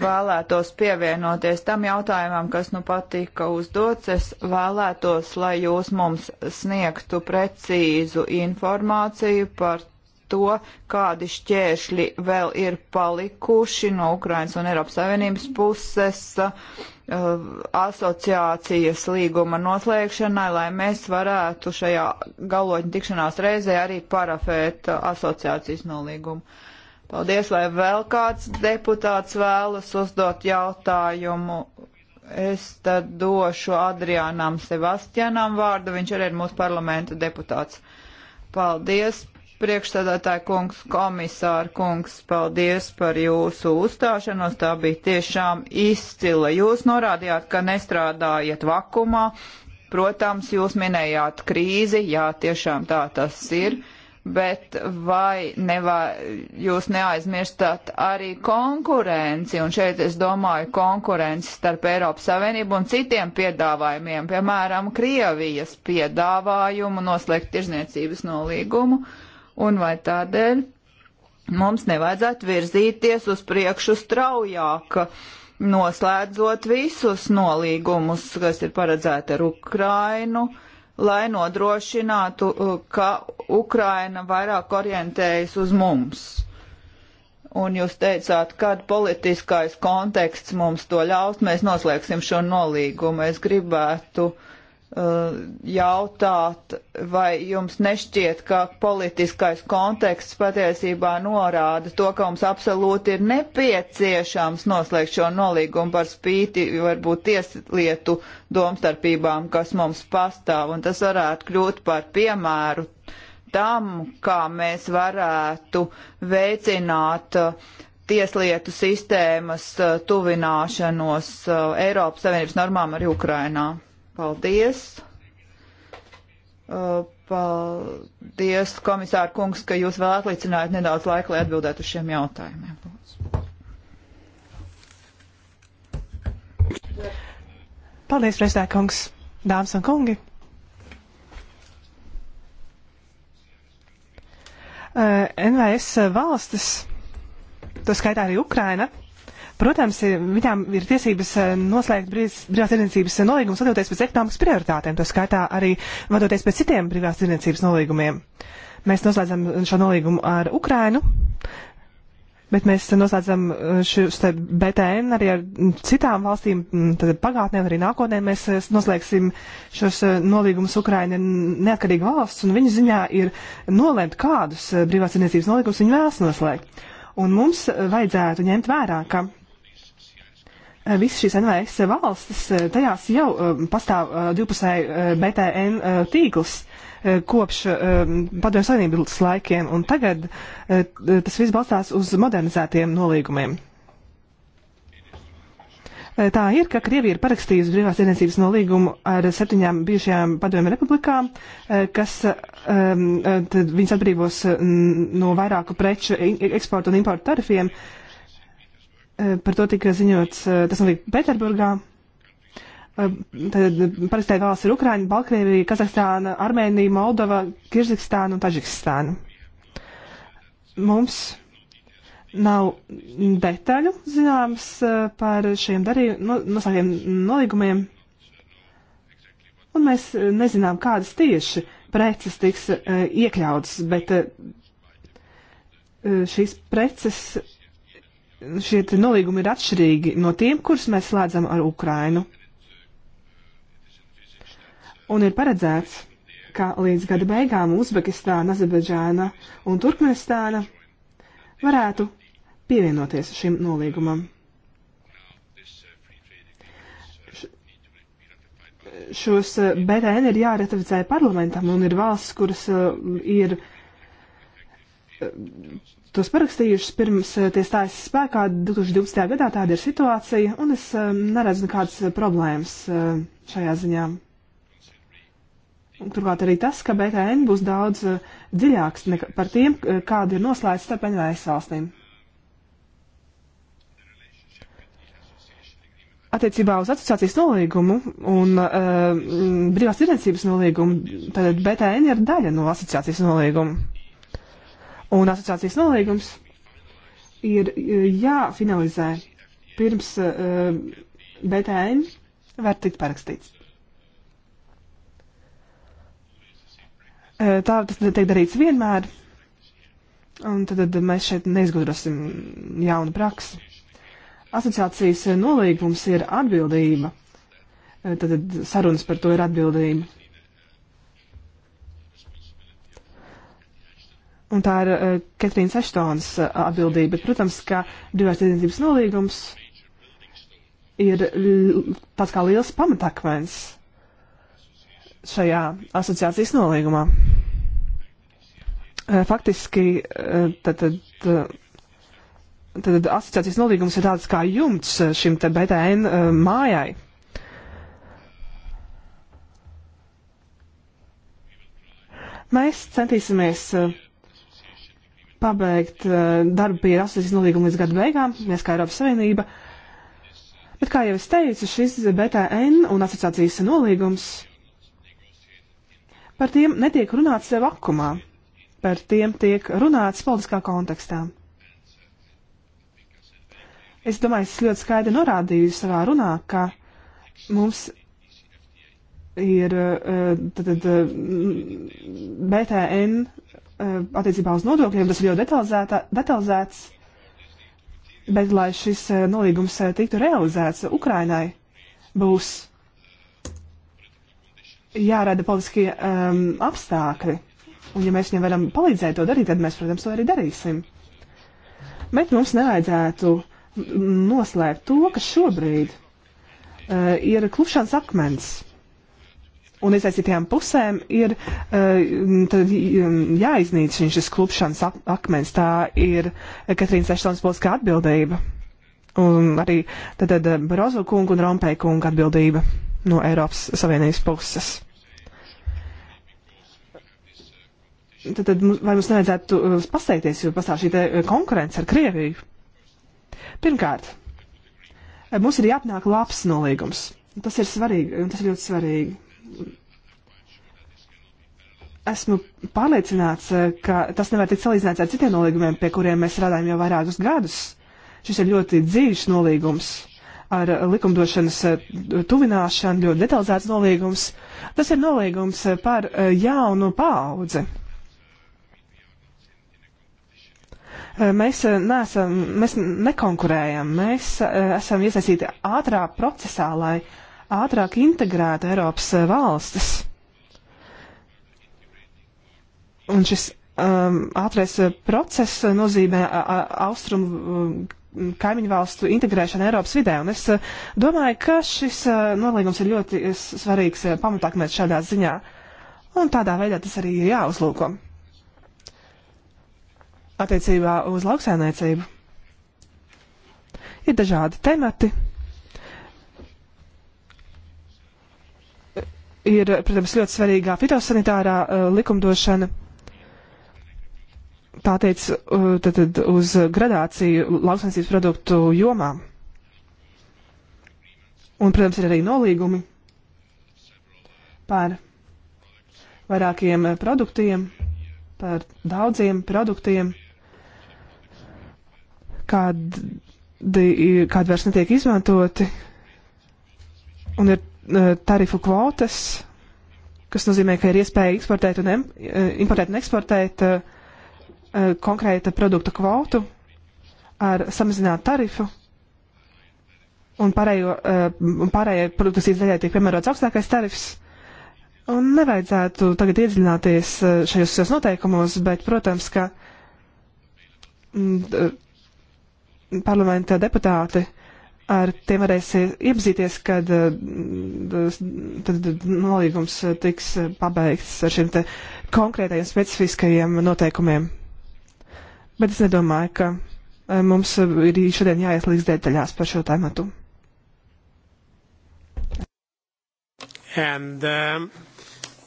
[SPEAKER 1] vēlētos pievienoties tam jautājumam, kas nu patika uzdots. Es vēlētos, lai jūs mums sniegtu precīzu informāciju par to, kādi šķēršļi vēl ir palikuši no Ukrainas un Eiropas Savienības puses uh, asociācijas līguma noslēgšanai, lai mēs varētu šajā galotņu tikšanās reizē arī parafēt uh, asociācijas nolīgumu. Paldies, vai vēl kāds deputāts vēlas uzdot jautājumu. Es tad došu Adriānam Sebastianam vārdu, viņš arī ir mūsu parlamenta deputāts. Paldies, Priekšstādātāja kungs, komisāra kungs, paldies par jūsu uzstāšanos. Tā bija tiešām izcila. Jūs norādījāt, ka nestrādājat vakumā. Protams, jūs minējāt krīzi, jā, tiešām tā tas ir, bet vai nevā, jūs neaizmirstat arī konkurenci, un šeit es domāju konkurenci starp Eiropas Savienību un citiem piedāvājumiem, piemēram, Krievijas piedāvājumu noslēgt tirzniecības nolīgumu. No un vai tādēļ mums nevajadzētu virzīties uz priekšu straujāk, noslēdzot visus nolīgumus, kas ir paredzēti ar Ukrainu, lai nodrošinātu, uh, ka Ukraina vairāk orientējas uz mums. Un jūs teicāt, kad politiskais konteksts mums to ļaus, mēs noslēgsim šo nolīgumu. Es gribētu uh, Uh, jautāt, vai jums nešķiet, ka politiskais konteksts patiesībā norāda to, ka mums absolūti ir nepieciešams noslēgt šo nolīgumu par spīti varbūt tieslietu domstarpībām, kas mums pastāv, un tas varētu kļūt par piemēru tam, kā mēs varētu veicināt uh, tieslietu sistēmas uh, tuvināšanos Eiropas Savienības normām arī Ukrainā. Paldies! Uh, paldies, komisāra kungs, ka jūs vēl atlicinājāt nedaudz laika, lai atbildētu uz šiem
[SPEAKER 2] jautājumiem. Paldies, prezidē kungs, dāmas un kungi! Uh, NVS valstis, to skaitā arī Ukraina Protams, viņām ir tiesības eh, noslēgt brīvās tirdzniecības nolīgumus, vadoties pēc ekonomikas prioritātēm, to skaitā arī vadoties pēc citiem brīvās tirdzniecības nolīgumiem. Mēs noslēdzam eh, šo nolīgumu ar Ukrainu, Bet mēs noslēdzam eh, šos BTN arī ar citām valstīm, mm, tad pagātnē un arī nākotnē mēs noslēgsim šos nolīgumus Ukraina neatkarīga valsts, un viņa ziņā ir nolēmt, kādus brīvās vienniecības nolīgumus viņi vēlas noslēgt. Un mums vajadzētu ņemt vērā, ka Eh, visas šīs NVS valstis, eh, tajās jau eh, pastāv divpusēji BTN tīkls kopš padomju savienības laikiem, un tagad tas viss balstās uz modernizētiem nolīgumiem. Tā ir, ka Krievija ir parakstījusi brīvās tirdzniecības nolīgumu ar septiņām bijušajām padomju republikām, kas um, viņas atbrīvos no vairāku preču eksporta un importa tarifiem. Uh, Eh, par to tika ziņots, eh, tas notika Pēterburgā. Eh, tad parastai valsts ir Ukraiņa, Baltkrievija, Kazahstāna, Armēnija, Moldova, Kirgikstāna un Taģikstāna. Mums nav detaļu zināmas par šiem darījumiem, noslēgtiem nolīgumiem, un mēs nezinām, kādas tieši preces tiks iekļautas, bet šīs preces šie nolīgumi ir atšķirīgi no tiem, kurus mēs slēdzam ar Ukrainu. Un ir paredzēts, ka līdz gada beigām Uzbekistāna, Azerbaidžāna un Turkmenistāna varētu pievienoties šim nolīgumam. Šos eh, BTN ir jāratificē parlamentam un ir valsts, kuras eh, ir
[SPEAKER 1] eh,
[SPEAKER 2] tos parakstījušas pirms eh, tie stājas spēkā 2012. gadā. Tāda ir situācija, un es eh, neredzu nekādas eh, problēmas šajā ziņā. Turklāt arī tas, ka BTN būs daudz dziļāks par tiem, kāda ir noslēgta starp NVS valstīm. Attiecībā uz asociācijas nolīgumu un uh, brīvās tirdzniecības nolīgumu, tad BTN ir daļa no asociācijas nolīguma un asociācijas nolīgums ir eh, jāfinalizē pirms uh, eh, BTN var tikt parakstīts. Eh, tā tas tiek darīts vienmēr, un tad, tad mēs šeit neizgudrosim jaunu praksi. Asociācijas nolīgums ir atbildība, tad sarunas par to ir atbildība. un tā ir uh, eh, Ketrīnas Eštonas uh, eh, atbildība. Bet, protams, ka divās tirdzniecības nolīgums ir tāds kā liels pamatakmens šajā asociācijas nolīgumā. Uh, faktiski, tad, tad, tad asociācijas nolīgums ir tāds kā jumts šim te BTN mājai. Mēs centīsimies uh, pabeigt eh, darbu pie asociācijas nolīguma līdz gada beigām, mēs kā Eiropas Savienība. Bet, kā jau es teicu, šis BTN un asociācijas nolīgums par tiem netiek runāts sev akumā, par tiem tiek runāts politiskā kontekstā. Es domāju, es ļoti skaidri norādīju savā runā, ka mums ir eh, tad, tad, eh, BTN Eh, attiecībā uz nodokļiem, tas ir jau detalizēts, bet lai šis eh, nolīgums eh, tiktu realizēts Ukrainai, būs jārada politiskie um, apstākļi. Un ja mēs viņam varam palīdzēt to darīt, tad mēs, protams, to arī darīsim. Bet mums nevajadzētu noslēpt to, kas šobrīd uh, ir klušanas akmens un iesaistītajām pusēm ir eh, tad, mm, jāiznīcina šis klupšanas akmens. Tā ir Katrīnas Eštons polska atbildība. Un arī tad, tad eh, Barozo kunga un Rompēja kunga atbildība no Eiropas Savienības puses. Tad, tad vai mums nevajadzētu eh, pasteikties, jo pastāv šī konkurence ar Krieviju? Pirmkārt, mums ir jāpanāk labs nolīgums. Tas ir svarīgi, un tas ir ļoti svarīgi esmu pārliecināts, eh, ka tas nevar tikt salīdzināts ar citiem nolīgumiem, pie kuriem mēs strādājam jau vairākus gadus. Šis ir ļoti dziļš nolīgums ar likumdošanas eh, tuvināšanu, ļoti detalizēts nolīgums. Tas ir nolīgums eh, par jaunu paudzi. Mēs, neesam, mēs nekonkurējam, mēs esam iesaistīti ātrā procesā, lai uh, ātrāk integrēt Eiropas eh, valstis. Un šis um, ātrais eh, process nozīmē austrumu um, kaimiņu valstu integrēšanu Eiropas vidē. Un es eh, domāju, ka šis nolīgums ir ļoti svarīgs pamatākmēs šādā ziņā. Un tādā veidā tas arī ir jāuzlūko. Attiecībā uz lauksēniecību ir dažādi temati ir, protams, ļoti svarīgā fitosanitārā uh, likumdošana. Tā teica uh, tad, tad uz gradāciju lauksaimniecības produktu jomā. Un, protams, ir arī nolīgumi par vairākiem uh, produktiem, par daudziem produktiem, kādi, kādi vairs netiek izmantoti. Un ir Eh, tarifu kvotas, kas nozīmē, ka ir iespēja eksportēt un em, eh, importēt un eksportēt eh, konkrēta produkta kvotu ar samazinātu tarifu. Un pārējo, pārējai produkcijas daļai tiek piemērots augstākais tarifs. Un nevajadzētu tagad iedziļināties šajos noteikumos, bet, protams, ka mm, parlamenta deputāti uh, ar tiem varēs eh, iepazīties, kad eh, tad nolīgums eh, tiks pabeigts ar šiem te konkrētajiem specifiskajiem noteikumiem. Bet es nedomāju, ka mums ir šodien jāiet līdz detaļās par šo tēmatu.
[SPEAKER 1] And um,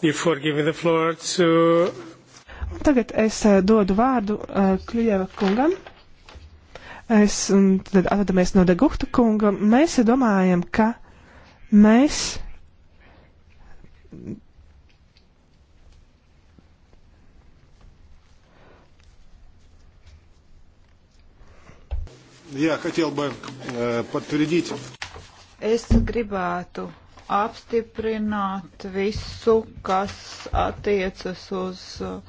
[SPEAKER 1] before giving the floor to.
[SPEAKER 2] Tagad es dodu vārdu uh, Kļujeva kungam. Es, un tad atvadamies no Degukta kunga. Mēs domājam, ka mēs. Я хотел бы э, подтвердить.
[SPEAKER 1] Es gribētu apstiprināt visu, kas attiecas uz uh,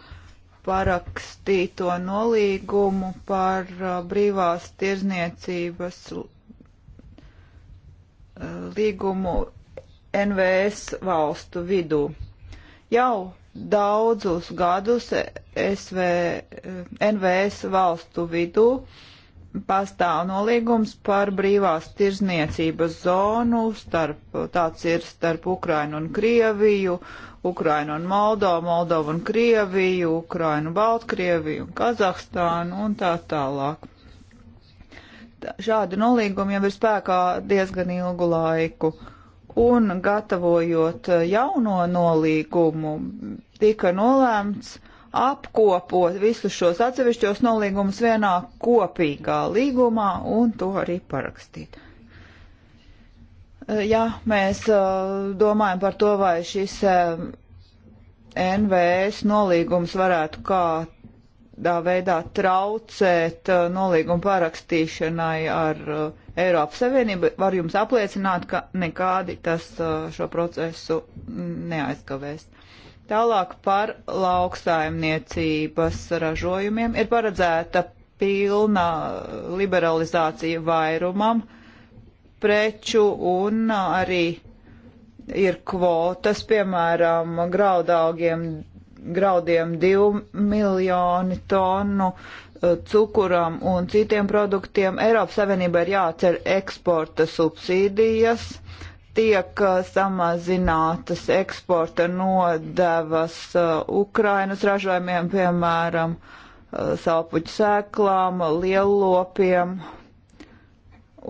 [SPEAKER 1] parakstīto nolīgumu par uh, brīvās tirzniecības uh, līgumu NVS valstu vidū. Jau daudzus gadus SV, uh, NVS valstu vidū uh, pastāv nolīgums par brīvās tirzniecības zonu, starp, tāds ir starp Ukrainu un Krieviju, Ukrainu un Moldovu, Moldovu un Krieviju, Ukrainu, Baltkrieviju un Kazahstānu un tā tālāk. Tā, šādi nolīgumi jau ir spēkā diezgan ilgu laiku. Un gatavojot jauno nolīgumu, tika nolēmts, uh, apkopot visus šos atsevišķos nolīgumus vienā kopīgā līgumā un to arī parakstīt. Eh, ja mēs eh, domājam par to, vai šis eh, NVS nolīgums varētu kādā veidā traucēt nolīgumu parakstīšanai ar Eiropas Savienību, var jums apliecināt, ka nekādi tas šo procesu neaizkavēs. Tālāk par lauksaimniecības ražojumiem ir paredzēta pilna liberalizācija vairumam preču un arī ir kvotas, piemēram, graudaugiem, graudiem 2 miljoni tonu, eh, cukuram un citiem produktiem. Eiropas Savienībai ir jāatcer eksporta subsīdijas tiek uh, samazinātas eksporta nodevas uh, Ukrainas ražojumiem, piemēram, uh, salpuķu sēklām, liellopiem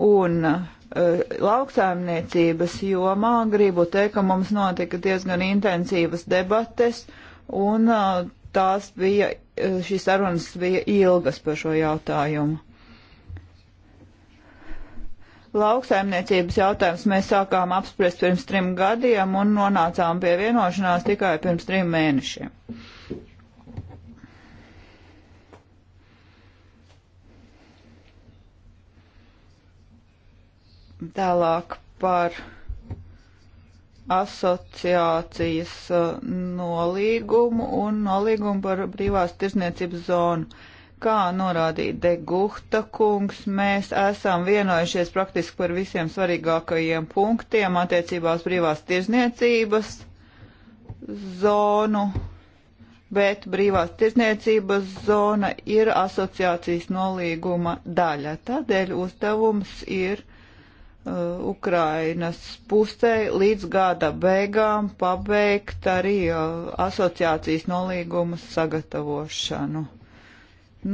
[SPEAKER 1] un lauksaimniecības jomā gribu teikt, ka mums notika diezgan intensīvas debates un tās bija, šīs sarunas bija ilgas par šo jautājumu. Lauksaimniecības jautājums mēs sākām apspriest pirms trim gadiem un nonācām pie vienošanās tikai pirms trim mēnešiem. Tālāk par asociācijas uh, nolīgumu un nolīgumu par brīvās tirsniecības zonu. Uh, kā norādīja Degukta kungs, mēs esam vienojušies praktiski par visiem svarīgākajiem punktiem attiecībā uz brīvās tirzniecības zonu, bet brīvās tirzniecības zona ir asociācijas nolīguma daļa. Tādēļ uzdevums ir uh, Ukrainas pusē līdz gada beigām pabeigt arī uh, asociācijas nolīgumu sagatavošanu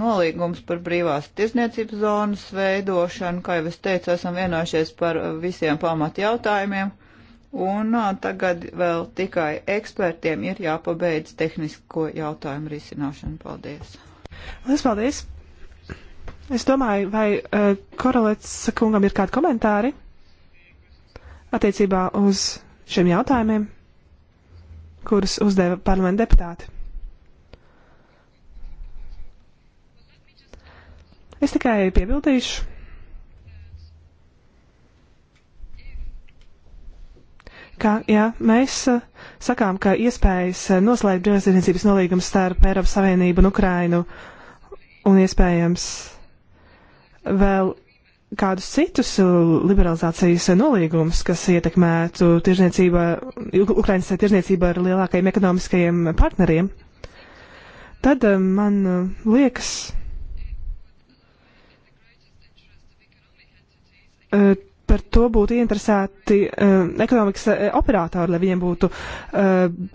[SPEAKER 1] Nolīgums par brīvās tirzniecības zonas veidošanu, kā jau es teicu, esam vienojušies par visiem pamat jautājumiem, un tagad vēl tikai ekspertiem ir jāpabeidz tehnisko jautājumu risināšanu. Paldies!
[SPEAKER 2] Lielas paldies! Es domāju, vai uh, Korolets kungam ir kādi komentāri attiecībā uz šiem jautājumiem, kurus uzdeva parlamenta deputāti? Es tikai piebildīšu. Kā, jā, mēs uh, sakām, ka iespējas eh, noslēgt brīvzniecības nolīgumu starp Eiropas Savienību un Ukrainu un iespējams vēl kādus citus eh, liberalizācijas nolīgumus, kas ietekmētu tirzniecība, Ukrainas tirzniecība ar lielākajiem ekonomiskajiem partneriem, tad man liekas, Eh, par to būtu interesēti uh, ekonomikas uh, operatori, lai viņiem būtu uh,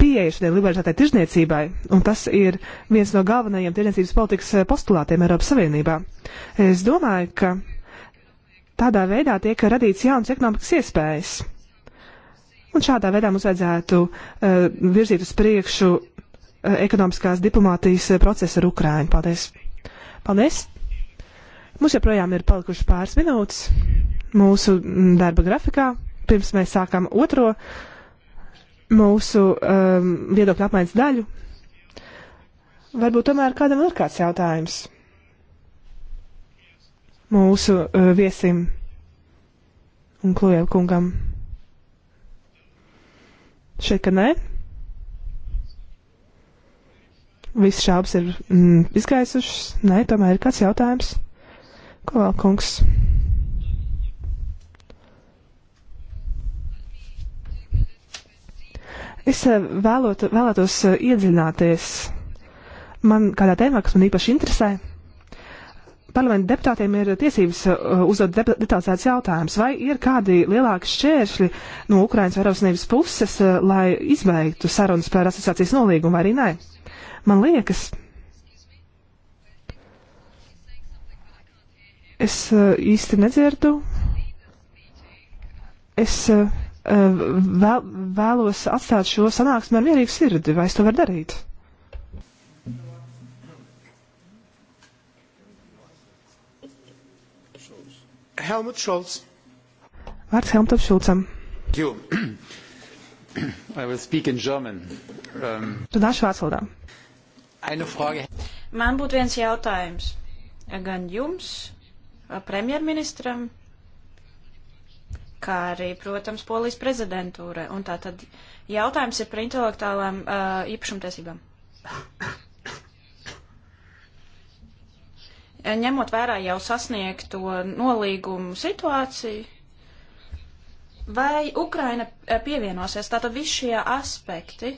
[SPEAKER 2] pieeja šai liberalizētai tirzniecībai, un tas ir viens no galvenajiem tirzniecības politikas postulātiem Eiropas Savienībā. Es domāju, ka tādā veidā tiek radīts jauns ekonomikas iespējas. Un šādā veidā mums vajadzētu uh, virzīt uz priekšu uh, ekonomiskās diplomātijas procesu ar Ukrainu. Paldies! Paldies! Mums joprojām ir palikuši pāris minūtes mūsu darba grafikā. Pirms mēs sākam otro mūsu um, viedokļu apmaiņas daļu, varbūt tomēr kādam ir kāds jautājums mūsu uh, viesim un klujiem kungam. Šeit, ka nē. Viss šāps ir mm, izgaisušas. Nē, tomēr ir kāds jautājums. Ko vēl, kungs? Es eh, vēlot, vēlētos eh, iedzināties man kādā tēmā, kas man īpaši interesē. Parlamenta deputātiem ir tiesības eh, uzdot detalizēts jautājums, vai ir kādi lielāki šķēršļi no Ukrainas Eiropas Savienības puses, lai izbeigtu sarunas par asociācijas nolīgumu vai arī nē. Man liekas, es īsti nedzirdu. Es uh, Eh, vēl, vēlos atstāt šo sanāksmi ar mierīgu sirdi. Vai es to varu darīt?
[SPEAKER 1] Helmut Scholz.
[SPEAKER 2] Vārds Helmutam Šulcam.
[SPEAKER 1] Um,
[SPEAKER 2] Runāšu vācu valodā.
[SPEAKER 3] Man būtu viens jautājums gan jums, premjerministram, kā arī, protams, Polijas prezidentūrai. Un tā tad jautājums ir par intelektuālām uh, īpašumtiesībām. Ņemot vērā jau sasniegto nolīgumu situāciju, vai Ukraina uh, pievienosies tātad visi šie aspekti,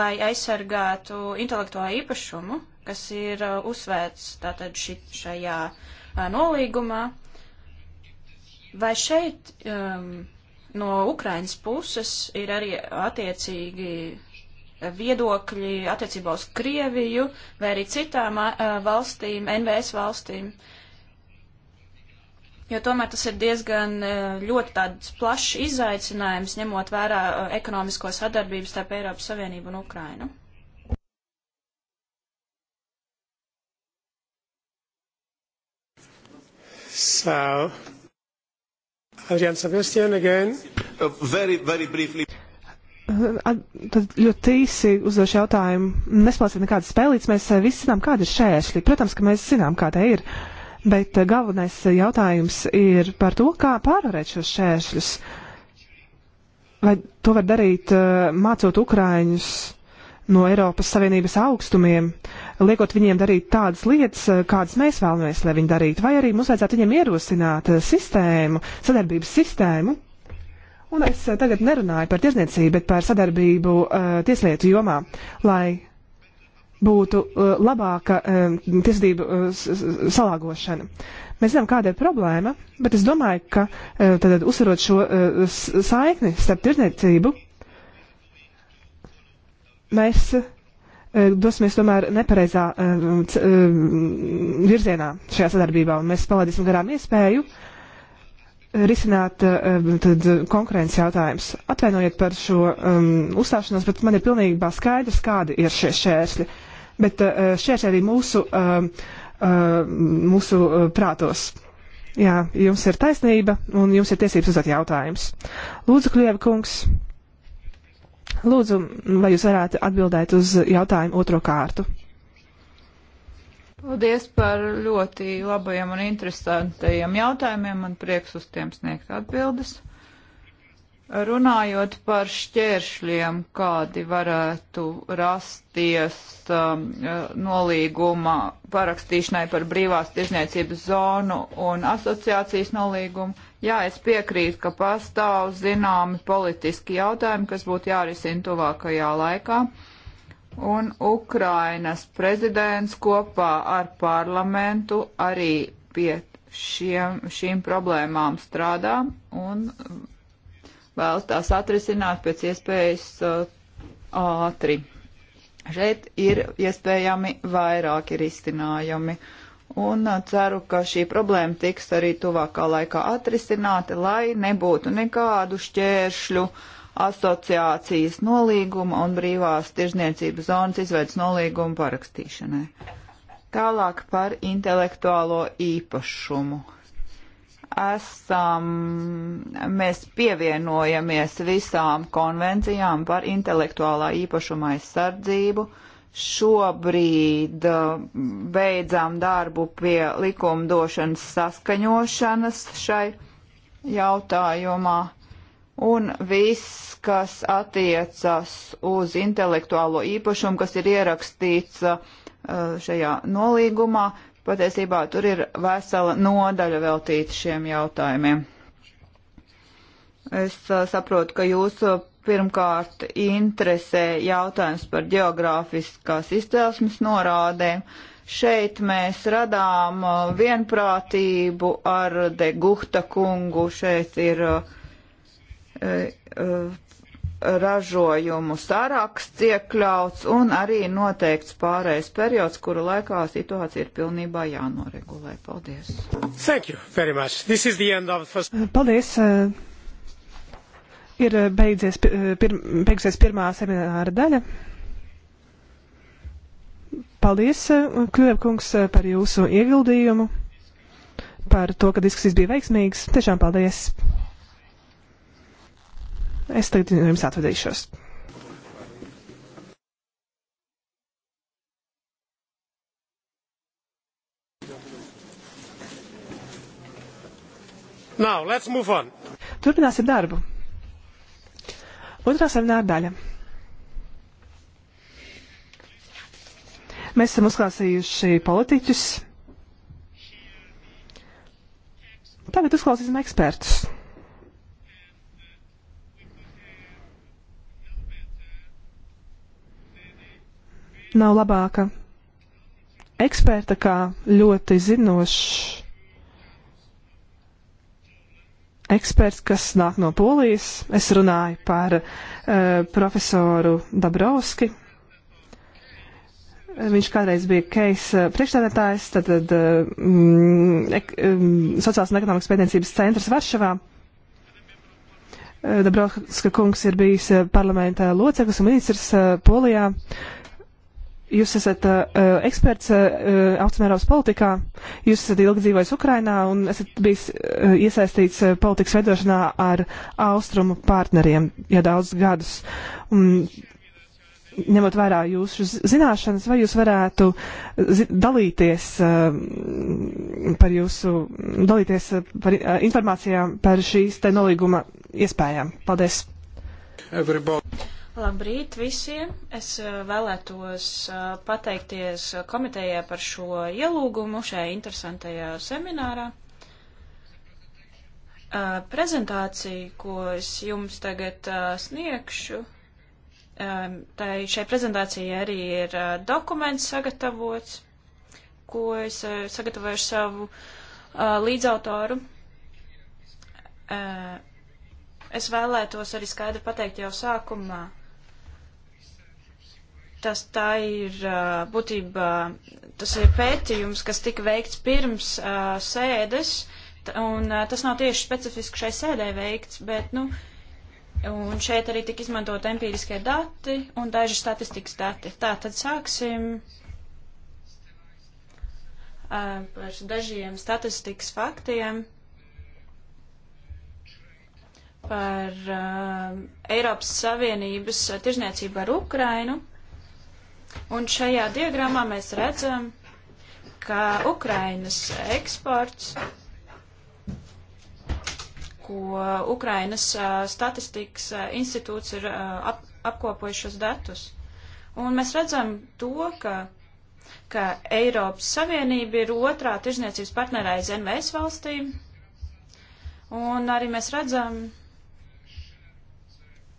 [SPEAKER 3] lai aizsargātu intelektuālo īpašumu, kas ir uh, uzsvērts tātad ši, šajā uh, nolīgumā, uh, Vai šeit um, no Ukrainas puses ir arī attiecīgi viedokļi attiecībā uz Krieviju vai arī citām uh, valstīm, NVS valstīm? Jo tomēr tas ir diezgan uh, ļoti tāds plašs izaicinājums, ņemot vērā uh, ekonomisko sadarbību starp Eiropas Savienību un Ukrainu.
[SPEAKER 1] So, Adrian Sebastian again. Uh,
[SPEAKER 2] very, very briefly. Uh, At, tad ļoti īsi uzdošu jautājumu. Nespēlēsim nekādas spēlītas, mēs uh, visi zinām, kāda ir šķēršļi. Protams, ka mēs zinām, kāda ir. Bet uh, galvenais jautājums ir par to, kā pārvarēt šos šķēršļus. Vai to var darīt mācot ukrāņus? no Eiropas Savienības augstumiem, liekot viņiem darīt tādas lietas, eh, kādas mēs vēlamies, lai viņi darītu, vai arī mums vajadzētu viņiem ierosināt eh, sistēmu, sadarbības sistēmu. Un es eh, tagad nerunāju par tirzniecību, bet par sadarbību uh, tieslietu jomā, lai būtu uh, labāka uh, tiesību uh, salāgošana. Mēs zinām, kāda ir problēma, bet es domāju, ka uh, tad uzsverot šo uh, saikni starp tirdzniecību mēs e, dosimies tomēr nepareizā e, e, virzienā šajā sadarbībā, un mēs palaidīsim garām iespēju risināt tad, konkurences jautājums. Atvainojiet par šo um, uzstāšanos, bet man ir pilnībā skaidrs, kādi ir šie šķēršļi. Bet uh, šķēršļi arī mūsu, uh, uh, mūsu uh, prātos. Jā, jums ir taisnība un jums ir tiesības uzdot jautājumus. Lūdzu, Klieva kungs. Lūdzu, vai jūs varētu atbildēt uz jautājumu otro kārtu?
[SPEAKER 1] Paldies par ļoti labajiem un interesantajiem jautājumiem. Man prieks uz tiem sniegt atbildes. Runājot par šķēršļiem, kādi varētu rasties um, nolīguma parakstīšanai par brīvās tirzniecības zonu un asociācijas nolīgumu, Jā, es piekrītu, ka pastāv zināmi politiski jautājumi, kas būtu jārisina tuvākajā laikā. Un Ukrainas prezidents kopā ar parlamentu arī pie šiem, šīm problēmām strādā un vēlas tās atrisināt pēc iespējas uh, ātri. Šeit ir iespējami vairāki risinājumi. Uh, un uh, ceru, ka šī problēma tiks arī tuvākā laikā atrisināta, lai nebūtu nekādu šķēršļu asociācijas nolīguma un brīvās tirzniecības zonas izveidas nolīguma parakstīšanai. Tālāk par intelektuālo īpašumu. Esam, mēs pievienojamies visām konvencijām par intelektuālā īpašuma aizsardzību. Uh, šobrīd mm, beidzām darbu pie likumdošanas saskaņošanas šai jautājumā, un viss, kas attiecas uz intelektuālo īpašumu, kas ir ierakstīts uh, šajā nolīgumā, patiesībā tur ir vesela nodaļa veltīta šiem jautājumiem. Es uh, saprotu, ka jūs uh, pirmkārt interesē jautājums par geogrāfiskās izcelsmes norādēm. Šeit mēs radām uh, vienprātību ar de Guhta kungu. Šeit ir uh, uh, ražojumu saraksts iekļauts un arī noteikts pārējais periods, kuru laikā situācija ir pilnībā jānoregulē. Paldies!
[SPEAKER 2] Paldies! Ir eh, beidzies, eh, pir, beigusies pirmā semināra daļa. Paldies, eh, Kļievkungs, par jūsu ieguldījumu, par to, ka diskusijas bija veiksmīgas. Tiešām paldies! Es tagad jums atvadīšos.
[SPEAKER 1] Now, let's move on.
[SPEAKER 2] Turpināsim darbu. Otrā semināra daļa. Mēs esam uzklāsījuši politiķus. Tagad uzklausīsim ekspertus. Nav labāka eksperta kā ļoti zinošs eksperts, kas nāk no Polijas. Es runāju par uh, profesoru Dabrovski. Viņš kādreiz bija Keisa eh, priekšstādātājs, tad uh, ek, um, mm, Sociālās un ekonomikas pētniecības centrs Varšavā. Uh, eh, Dabrovska kungs ir bijis parlamenta loceklis un ministrs uh, Polijā. Uh, Jūs esat uh, eksperts uh, Austrumēropas politikā, jūs esat ilgi dzīvojis Ukrainā un esat bijis uh, iesaistīts uh, politikas veidošanā ar austrumu partneriem jau daudz gadus. Un, ņemot vērā jūsu zināšanas, vai jūs varētu zi dalīties, uh, par jūsu, dalīties uh, par uh, informācijām par šīs te nolīguma iespējām? Paldies! Everybody.
[SPEAKER 3] Labrīt visiem! Es eh, vēlētos eh, pateikties komitejai par šo ielūgumu šajā interesantajā seminārā. Eh, Prezentācija, ko es jums tagad sniegšu, tai šai prezentācijai arī ir dokuments sagatavots, ko es sagatavoju savu līdzautoru es vēlētos arī skaidri pateikt jau sākumā, tas tā ir būtībā, tas ir pētījums, kas tika veikts pirms uh, sēdes, un uh, tas nav tieši specifiski šai sēdē veikts, bet, nu, un šeit arī tika izmantot empīriskie dati un daži statistikas dati. Tā, tad sāksim uh, par dažiem statistikas faktiem par uh, Eiropas Savienības tirzniecību ar Ukrainu. Un šajā diagrammā mēs redzam, ka Ukrainas eksports, ko Ukrainas uh, statistikas uh, institūts ir uh, ap, apkopojušos datus. Un mēs redzam to, ka, ka Eiropas Savienība ir otrā tirzniecības partnerē aiz NVS valstīm. Un arī mēs redzam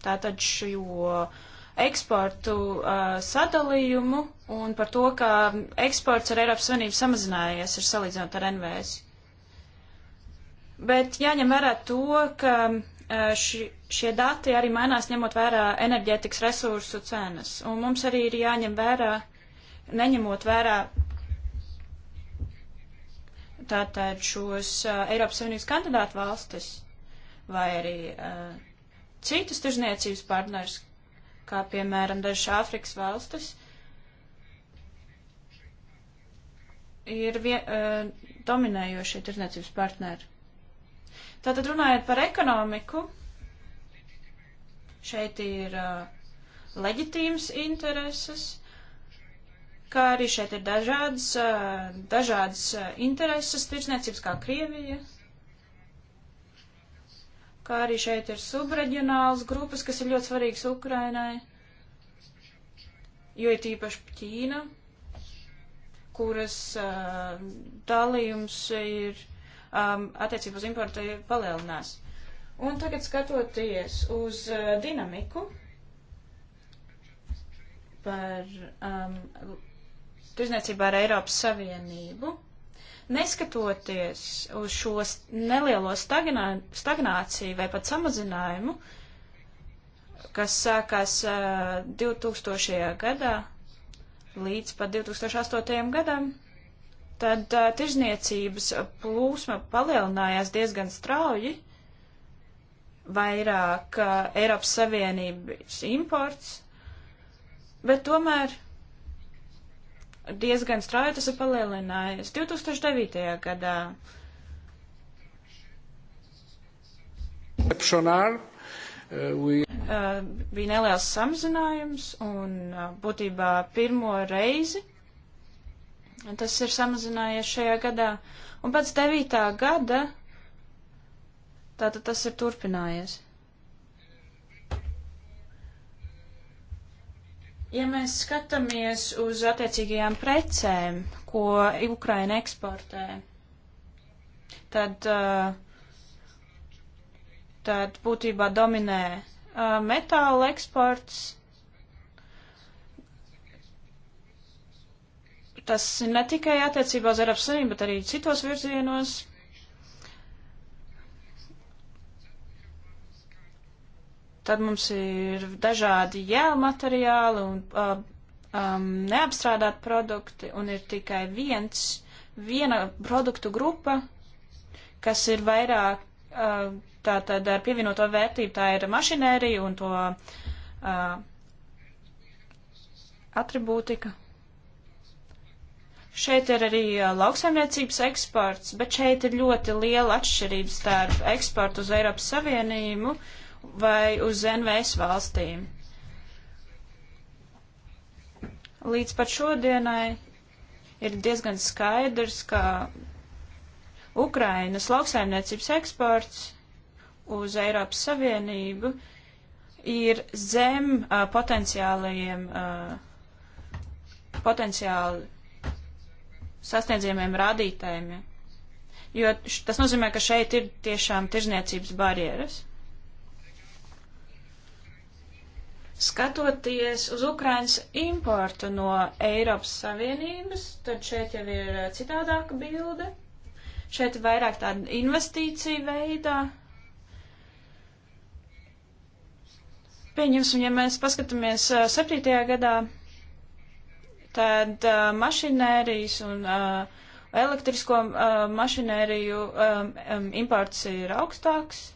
[SPEAKER 3] tātad šo eksportu uh, sadalījumu un par to, ka eksports ar Eiropas Savienību samazinājies ir salīdzinot ar NVS. Bet jāņem vērā to, ka uh, ši, šie dati arī mainās ņemot vērā enerģētikas resursu cenas. Un mums arī ir jāņem vērā, neņemot vērā tātad šos uh, Eiropas Savienības kandidātu valstis vai arī uh, citus tirzniecības partners, kā piemēram dažas Āfrikas valstis, ir vien, eh, dominējošie tirdzniecības partneri. Tātad runājot par ekonomiku, šeit ir eh, leģitīmas intereses, kā arī šeit ir dažādas, eh, dažādas intereses tirdzniecības kā Krievija, kā arī šeit ir subreģionāls grupas, kas ir ļoti svarīgs Ukrainai, jo ir tīpaši Ķīna, kuras uh, dalījums ir um, attiecībā uz importu palielinās. Un tagad skatoties uz uh, dinamiku par um, tirzniecībā ar Eiropas Savienību. Neskatoties uz šo nelielo stagnā, stagnāciju vai pat samazinājumu, kas sākās uh, 2000. gadā līdz pat 2008. gadam, tad uh, tirzniecības plūsma palielinājās diezgan strauji. Vairāk uh, Eiropas Savienības imports, bet tomēr diezgan strauji tas ir palielinājies. 2009. gadā. Exceptional. Uh, we... uh, bija neliels samazinājums un uh, būtībā pirmo reizi tas ir samazinājies šajā gadā. Un pēc 9. gada tātad tas ir turpinājies. Ja mēs skatāmies uz attiecīgajām precēm, ko Ukraina eksportē, tad, eh, tad būtībā dominē eh, metāla eksports. Tas ne tikai attiecībā uz Eiropas Savienību, bet arī citos virzienos. Tad mums ir dažādi jēlu materiāli un uh, um, neapstrādāt produkti, un ir tikai viens, viena produktu grupa, kas ir vairāk uh, tātad ar pievienoto vērtību, tā ir mašinērija un to uh, atribūtika. Šeit ir arī lauksaimniecības eksports, bet šeit ir ļoti liela atšķirība starp eksportu uz Eiropas Savienību vai uz NVS valstīm. Līdz pat šodienai ir diezgan skaidrs, ka Ukrainas lauksaimniecības eksports uz Eiropas Savienību ir zem uh, potenciālajiem, uh, potenciāli sasniedzamiem rādītājiem. Jo tas nozīmē, ka šeit ir tiešām tirzniecības barjeras. Skatoties uz Ukrainas importu no Eiropas Savienības, tad šeit jau ir eh, citādāka bilde. Šeit ir vairāk tāda investīcija veidā. Pieņemsim, ja mēs paskatāmies 7. Eh, gadā, tad uh, mašinērijas un uh, elektrisko uh, mašinēriju um, um, imports ir augstāks,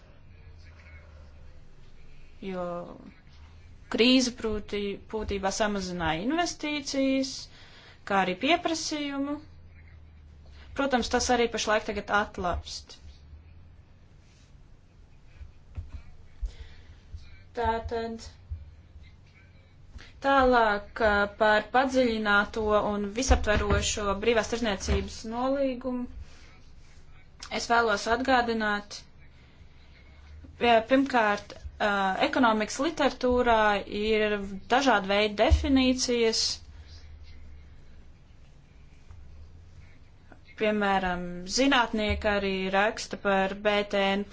[SPEAKER 3] jo krīze prūti, būtībā samazināja investīcijas, kā arī pieprasījumu. Protams, tas arī pašlaik tagad atlapst. Tātad tālāk par padziļināto un visaptverošo brīvās tirzniecības nolīgumu. Es vēlos atgādināt, pirmkārt, Eh, ekonomikas literatūrā ir dažādi veidi definīcijas. Piemēram, zinātnieki arī raksta par BTN,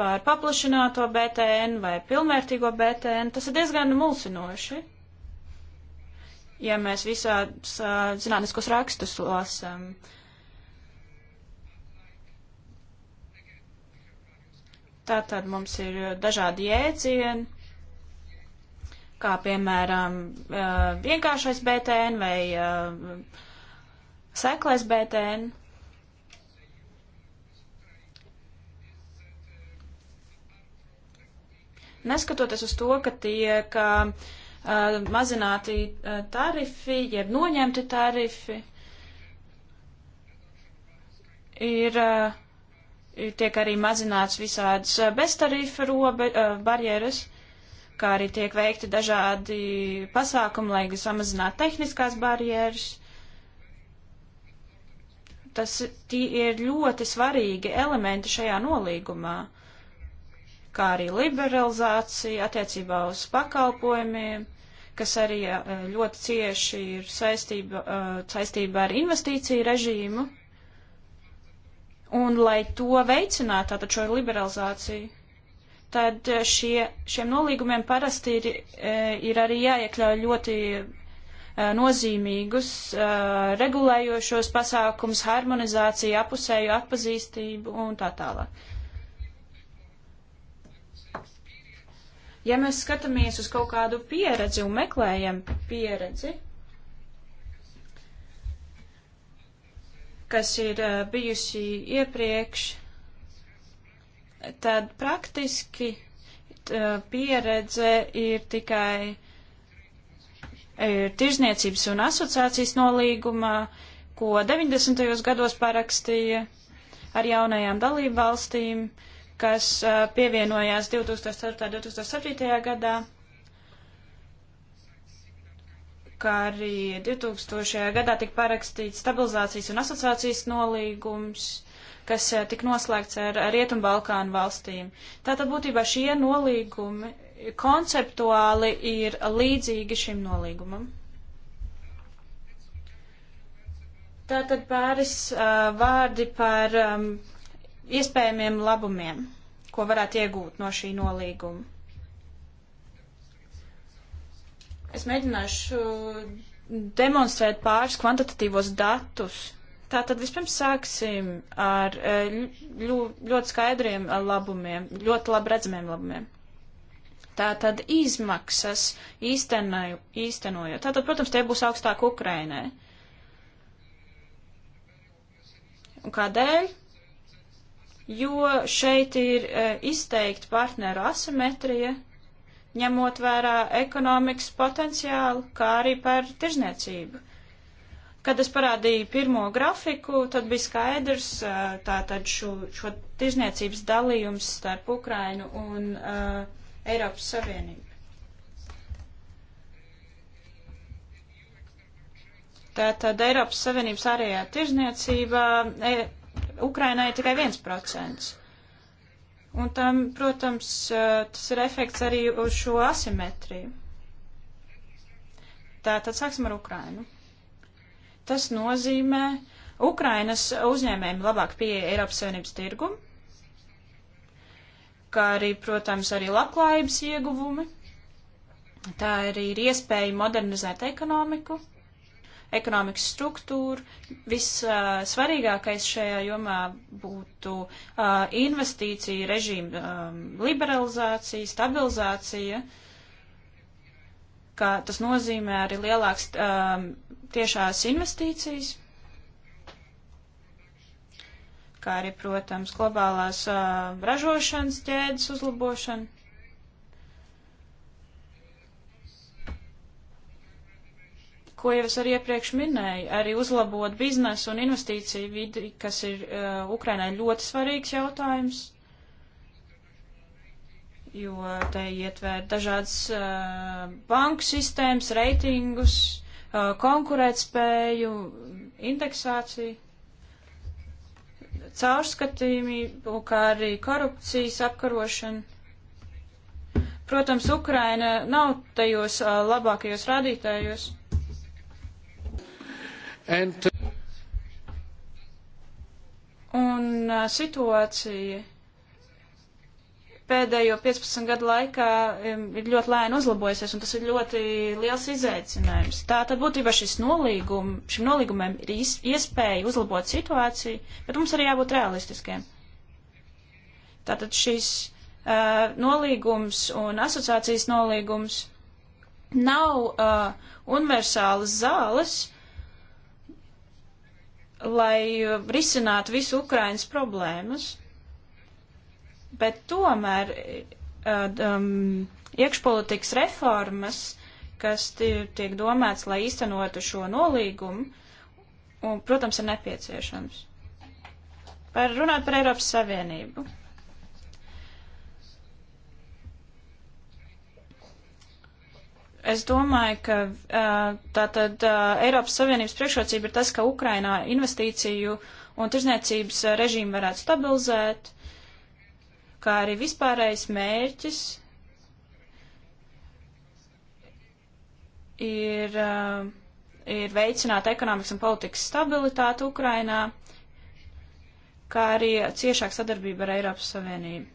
[SPEAKER 3] par paplašināto BTN vai pilnvērtīgo BTN. Tas ir diezgan mulsinoši. Ja mēs visādus zinātniskos rakstus lasām, uh, Tātad mums ir eh, dažādi jēdzieni, kā piemēram eh, vienkāršais BTN vai eh, seklais BTN. Neskatoties uz to, ka tiek mazināti tarifi, jeb noņemti tarifi, ir uh, tiek arī mazināts visādas eh, beztarifa robe, eh, barjeras, kā arī tiek veikti dažādi pasākumi, lai samazinātu tehniskās barjeras. Tas ir ļoti svarīgi elementi šajā nolīgumā, kā arī liberalizācija attiecībā uz pakalpojumiem, kas arī eh, ļoti cieši ir saistība, saistība ar investīciju režīmu. Un, lai to veicinātu, tātad šo liberalizāciju, tad eh, šie, šiem nolīgumiem parasti ir, eh, ir arī jāiekļauj ļoti eh, nozīmīgus regulējošos pasākums, harmonizāciju, apusēju atpazīstību un tā tālāk. Ja mēs skatāmies uz kaut kādu pieredzi un meklējam pieredzi, kas ir eh, bijusi iepriekš, tad praktiski pieredze ir tikai ir tirzniecības un asociācijas nolīgumā, ko 90. gados parakstīja ar jaunajām dalību valstīm, kas eh, pievienojās 2004. un 2007. gadā. ka arī 2000. gadā tika parakstīts stabilizācijas un asociācijas nolīgums, kas eh, tika noslēgts ar Rietumbalkānu valstīm. Tātad būtībā šie nolīgumi konceptuāli ir līdzīgi šim nolīgumam. Tātad pāris uh, vārdi par um, iespējamiem labumiem, ko varētu iegūt no šī nolīguma. Es mēģināšu uh, demonstrēt pāris kvantitatīvos datus. Tātad vispirms sāksim ar uh, ļu, ļoti skaidriem uh, labumiem, ļoti labi redzamiem labumiem. Tātad izmaksas īstenoju, īstenojot. Tātad, protams, tie būs augstāk Ukrainē. Un kādēļ? Jo šeit ir izteikti partneru asimetrija, ņemot vērā ekonomikas potenciālu, kā arī par tirzniecību. Kad es parādīju pirmo grafiku, tad bija skaidrs tātad šo, šo tirzniecības dalījums starp Ukrainu un uh, Eiropas Savienību. Tātad Eiropas Savienības ārējā tirzniecība e, Ukrainai tikai 1%. Un tam, protams, eh, tas ir efekts arī uz šo asimetriju. Tātad sāksim ar Ukrainu. Tas nozīmē Ukrainas uzņēmējiem labāk pieeja Eiropas Savienības tirgumu, kā arī, protams, arī labklājības ieguvumi. Tā arī ir iespēja modernizēt ekonomiku ekonomikas struktūru. Vissvarīgākais šajā jomā būtu investīcija, režīma liberalizācija, stabilizācija, kā tas nozīmē arī lielāks tiešās investīcijas kā arī, protams, globālās uh, ražošanas ķēdes uzlabošana. ko jau es arī iepriekš minēju, arī uzlabot biznesu un investīciju vidi, kas ir uh, Ukrainai ļoti svarīgs jautājums, jo te ietver dažādas uh, banku sistēmas, reitingus, uh, konkurētspēju, indeksāciju, caurskatījumību, kā arī korupcijas apkarošanu. Protams, Ukraina nav tajos uh, labākajos rādītājos And... Un situācija pēdējo 15 gadu laikā ir ļoti lēni uzlabojusies, un tas ir ļoti liels izaicinājums. Tā tad būtībā šis nolīgum, šim nolīgumam ir iespēja uzlabot situāciju, bet mums arī jābūt realistiskiem. Tātad šis uh, nolīgums un asociācijas nolīgums nav uh, universālas zāles, lai uh, risinātu visu Ukrainas problēmas, bet tomēr uh, um, iekšpolitikas reformas, kas tiek domāts, lai īstenotu šo nolīgumu, un, protams, ir nepieciešams. Par runāt par Eiropas Savienību. Es domāju, ka tātad Eiropas Savienības priekšrocība ir tas, ka Ukrainā investīciju un tirzniecības režīmu varētu stabilizēt, kā arī vispārējais mērķis ir, ir veicināt ekonomikas un politikas stabilitāti Ukrainā, kā arī ciešāk sadarbība ar Eiropas Savienību.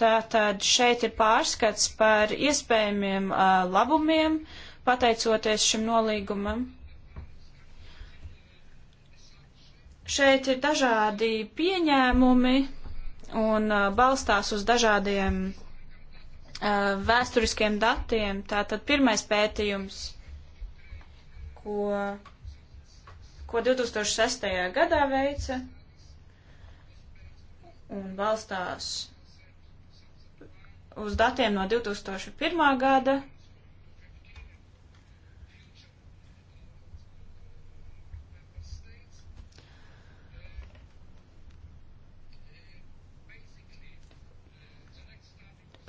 [SPEAKER 3] Tātad šeit ir pārskats par iespējamiem uh, labumiem, pateicoties šim nolīgumam. Šeit ir dažādi pieņēmumi un uh, balstās uz dažādiem uh, vēsturiskiem datiem. Tātad pirmais pētījums, ko, ko 2006. gadā veica un balstās uz datiem no 2001. gada.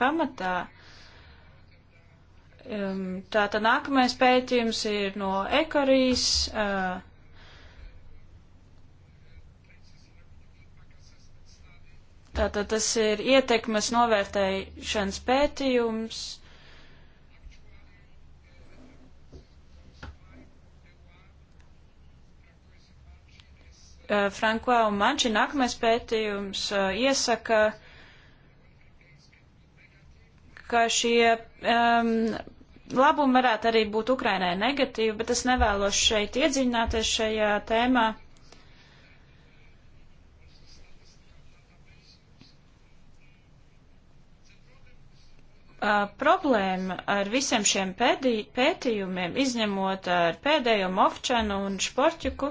[SPEAKER 3] Pamatā um, tā tad nākamais pētījums ir no Ekarijas. Uh, Tātad tas ir ietekmes novērtēšanas pētījums. Eh, Franko un Manči nākamais pētījums eh, iesaka, ka šie um, labumi varētu arī būt Ukrainai negatīvi, bet es nevēlos šeit iedziļināties šajā tēmā. Uh, Uh, problēma ar visiem šiem pēdī, pētījumiem, izņemot ar pēdējo Mofčanu un Športjuku,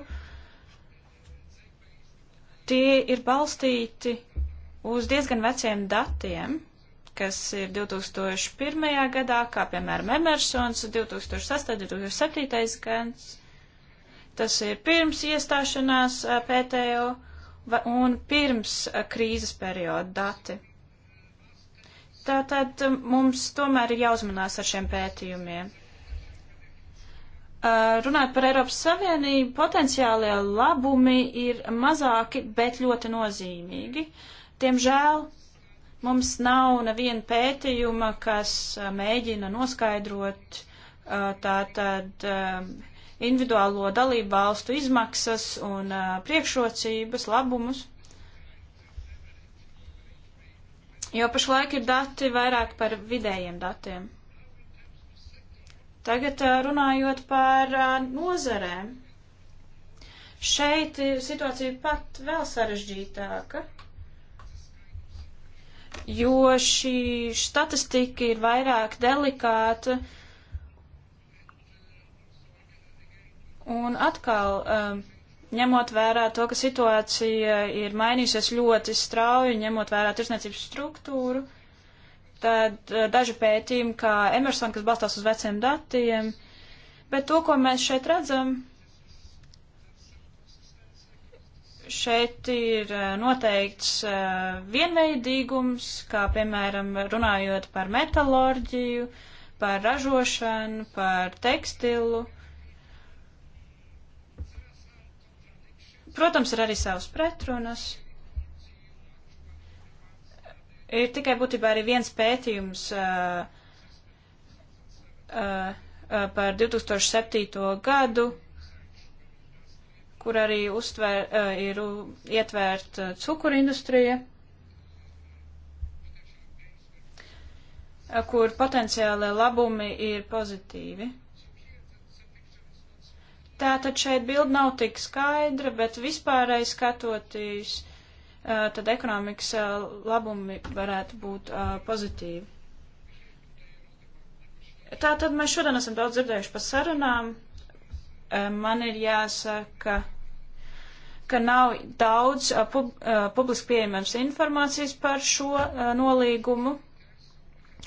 [SPEAKER 3] tie ir balstīti uz diezgan veciem datiem, kas ir 2001. gadā, kā piemēram Emersons, 2008. 2007. gads. Tas ir pirms iestāšanās uh, PTO un pirms uh, krīzes perioda dati. Tātad um, mums tomēr ir jāuzmanās ar šiem pētījumiem. Uh, runājot par Eiropas Savienību, potenciālie labumi ir mazāki, bet ļoti nozīmīgi. Tiemžēl mums nav neviena pētījuma, kas uh, mēģina noskaidrot uh, tātad um, individuālo dalību valstu izmaksas un priekšrocības labumus. jo pašlaik ir dati vairāk par vidējiem datiem. Tagad runājot par nozarēm. Šeit situācija pat vēl sarežģītāka, jo šī statistika ir vairāk delikāta. Un atkal, um, ņemot vērā to, ka situācija ir mainījusies ļoti strauji, ņemot vērā tirsniecības struktūru, tad eh, daži pētījumi, kā Emerson, kas balstās uz veciem datiem, bet to, ko mēs šeit redzam, šeit ir eh, noteikts eh, vienveidīgums, kā piemēram runājot par metalorģiju, par ražošanu, par tekstilu. Protams, ir arī savas pretrunas. Ir tikai būtībā arī viens pētījums uh, uh, par 2007. gadu, kur arī uztver, uh, ir ietvērt uh, cukuru industrija, uh, kur potenciāli labumi ir pozitīvi. Tātad šeit bilda nav tik skaidra, bet vispārēji skatoties, tad ekonomikas labumi varētu būt pozitīvi. Tātad mēs šodien esam daudz dzirdējuši par sarunām. Man ir jāsaka, ka nav daudz pub, publiski pieejamams informācijas par šo nolīgumu,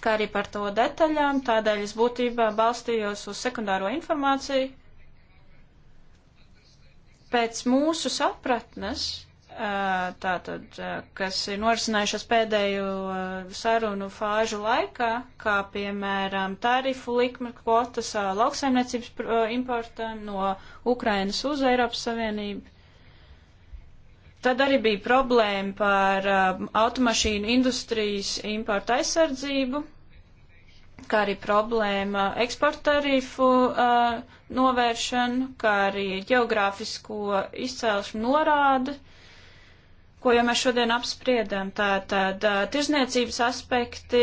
[SPEAKER 3] kā arī par to detaļām. Tādēļ es būtībā balstījos uz sekundāro informāciju, Pēc mūsu sapratnes, tātad, kas ir norisinājušas pēdējo sarunu fāžu laikā, kā piemēram tarifu likme kvotas lauksaimniecības importēm no Ukrainas uz Eiropas Savienību. Tad arī bija problēma par automašīnu industrijas importa aizsardzību, kā arī problēma eksporta tarifu uh, novēršana, kā arī geogrāfisko izcēlšanu norādi, ko jau mēs šodien apspriedām. Tātad uh, tirzniecības aspekti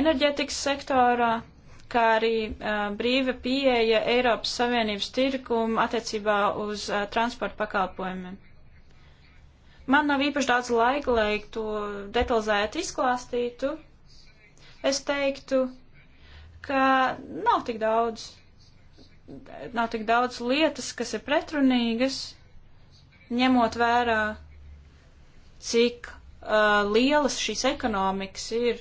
[SPEAKER 3] enerģetikas sektorā, kā arī uh, brīva pieeja Eiropas Savienības tirkuma attiecībā uz uh, transporta pakalpojumiem. Man nav īpaši daudz laika, lai to detalizēti izklāstītu. Es teiktu, ka nav tik daudz, nav tik daudz lietas, kas ir pretrunīgas, ņemot vērā, cik uh, lielas šīs ekonomikas ir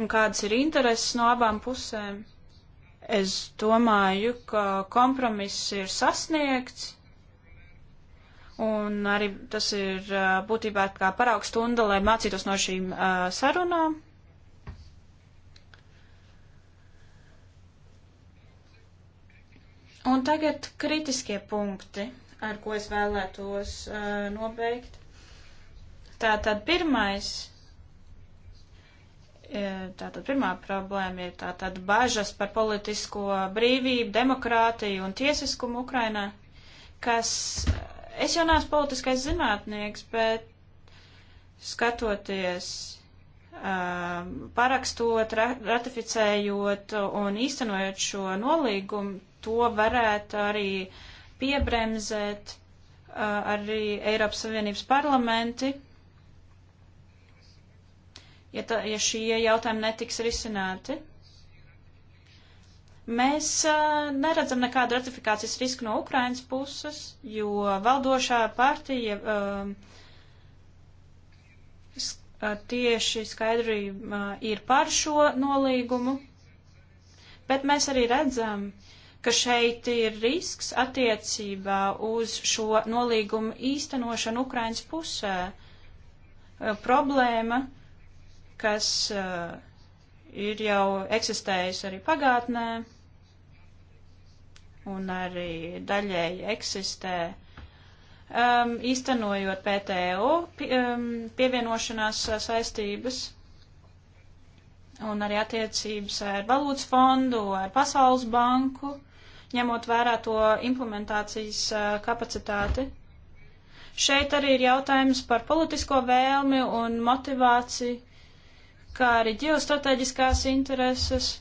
[SPEAKER 3] un kādas ir intereses no abām pusēm. Es domāju, ka kompromiss ir sasniegts Un arī tas ir būtībā kā paraugs stunda, lai mācītos no šīm uh, sarunām. Un tagad kritiskie punkti, ar ko es vēlētos uh, nobeigt. Tātad pirmais, tātad pirmā problēma ir tātad bažas par politisko brīvību, demokrātiju un tiesiskumu Ukrainā, kas uh, Es jau neesmu politiskais zinātnieks, bet skatoties, parakstot, ratificējot un īstenojot šo nolīgumu, to varētu arī piebremzēt arī Eiropas Savienības parlamenti, ja, tā, ja šie jautājumi netiks risināti. Mēs uh, neredzam nekādu ratifikācijas risku no Ukrainas puses, jo valdošā partija uh, sk uh, tieši skaidri ir par šo nolīgumu, bet mēs arī redzam, ka šeit ir risks attiecībā uz šo nolīgumu īstenošanu Ukrainas pusē. Problēma, kas ir jau eksistējusi arī pagātnē un arī daļēji eksistē. Um, īstenojot PTO um, pievienošanās saistības un arī attiecības ar valūtas fondu, ar Pasaules banku, ņemot vērā to implementācijas uh, kapacitāti. Šeit arī ir jautājums par politisko vēlmi un motivāciju, kā arī ģeostrateģiskās intereses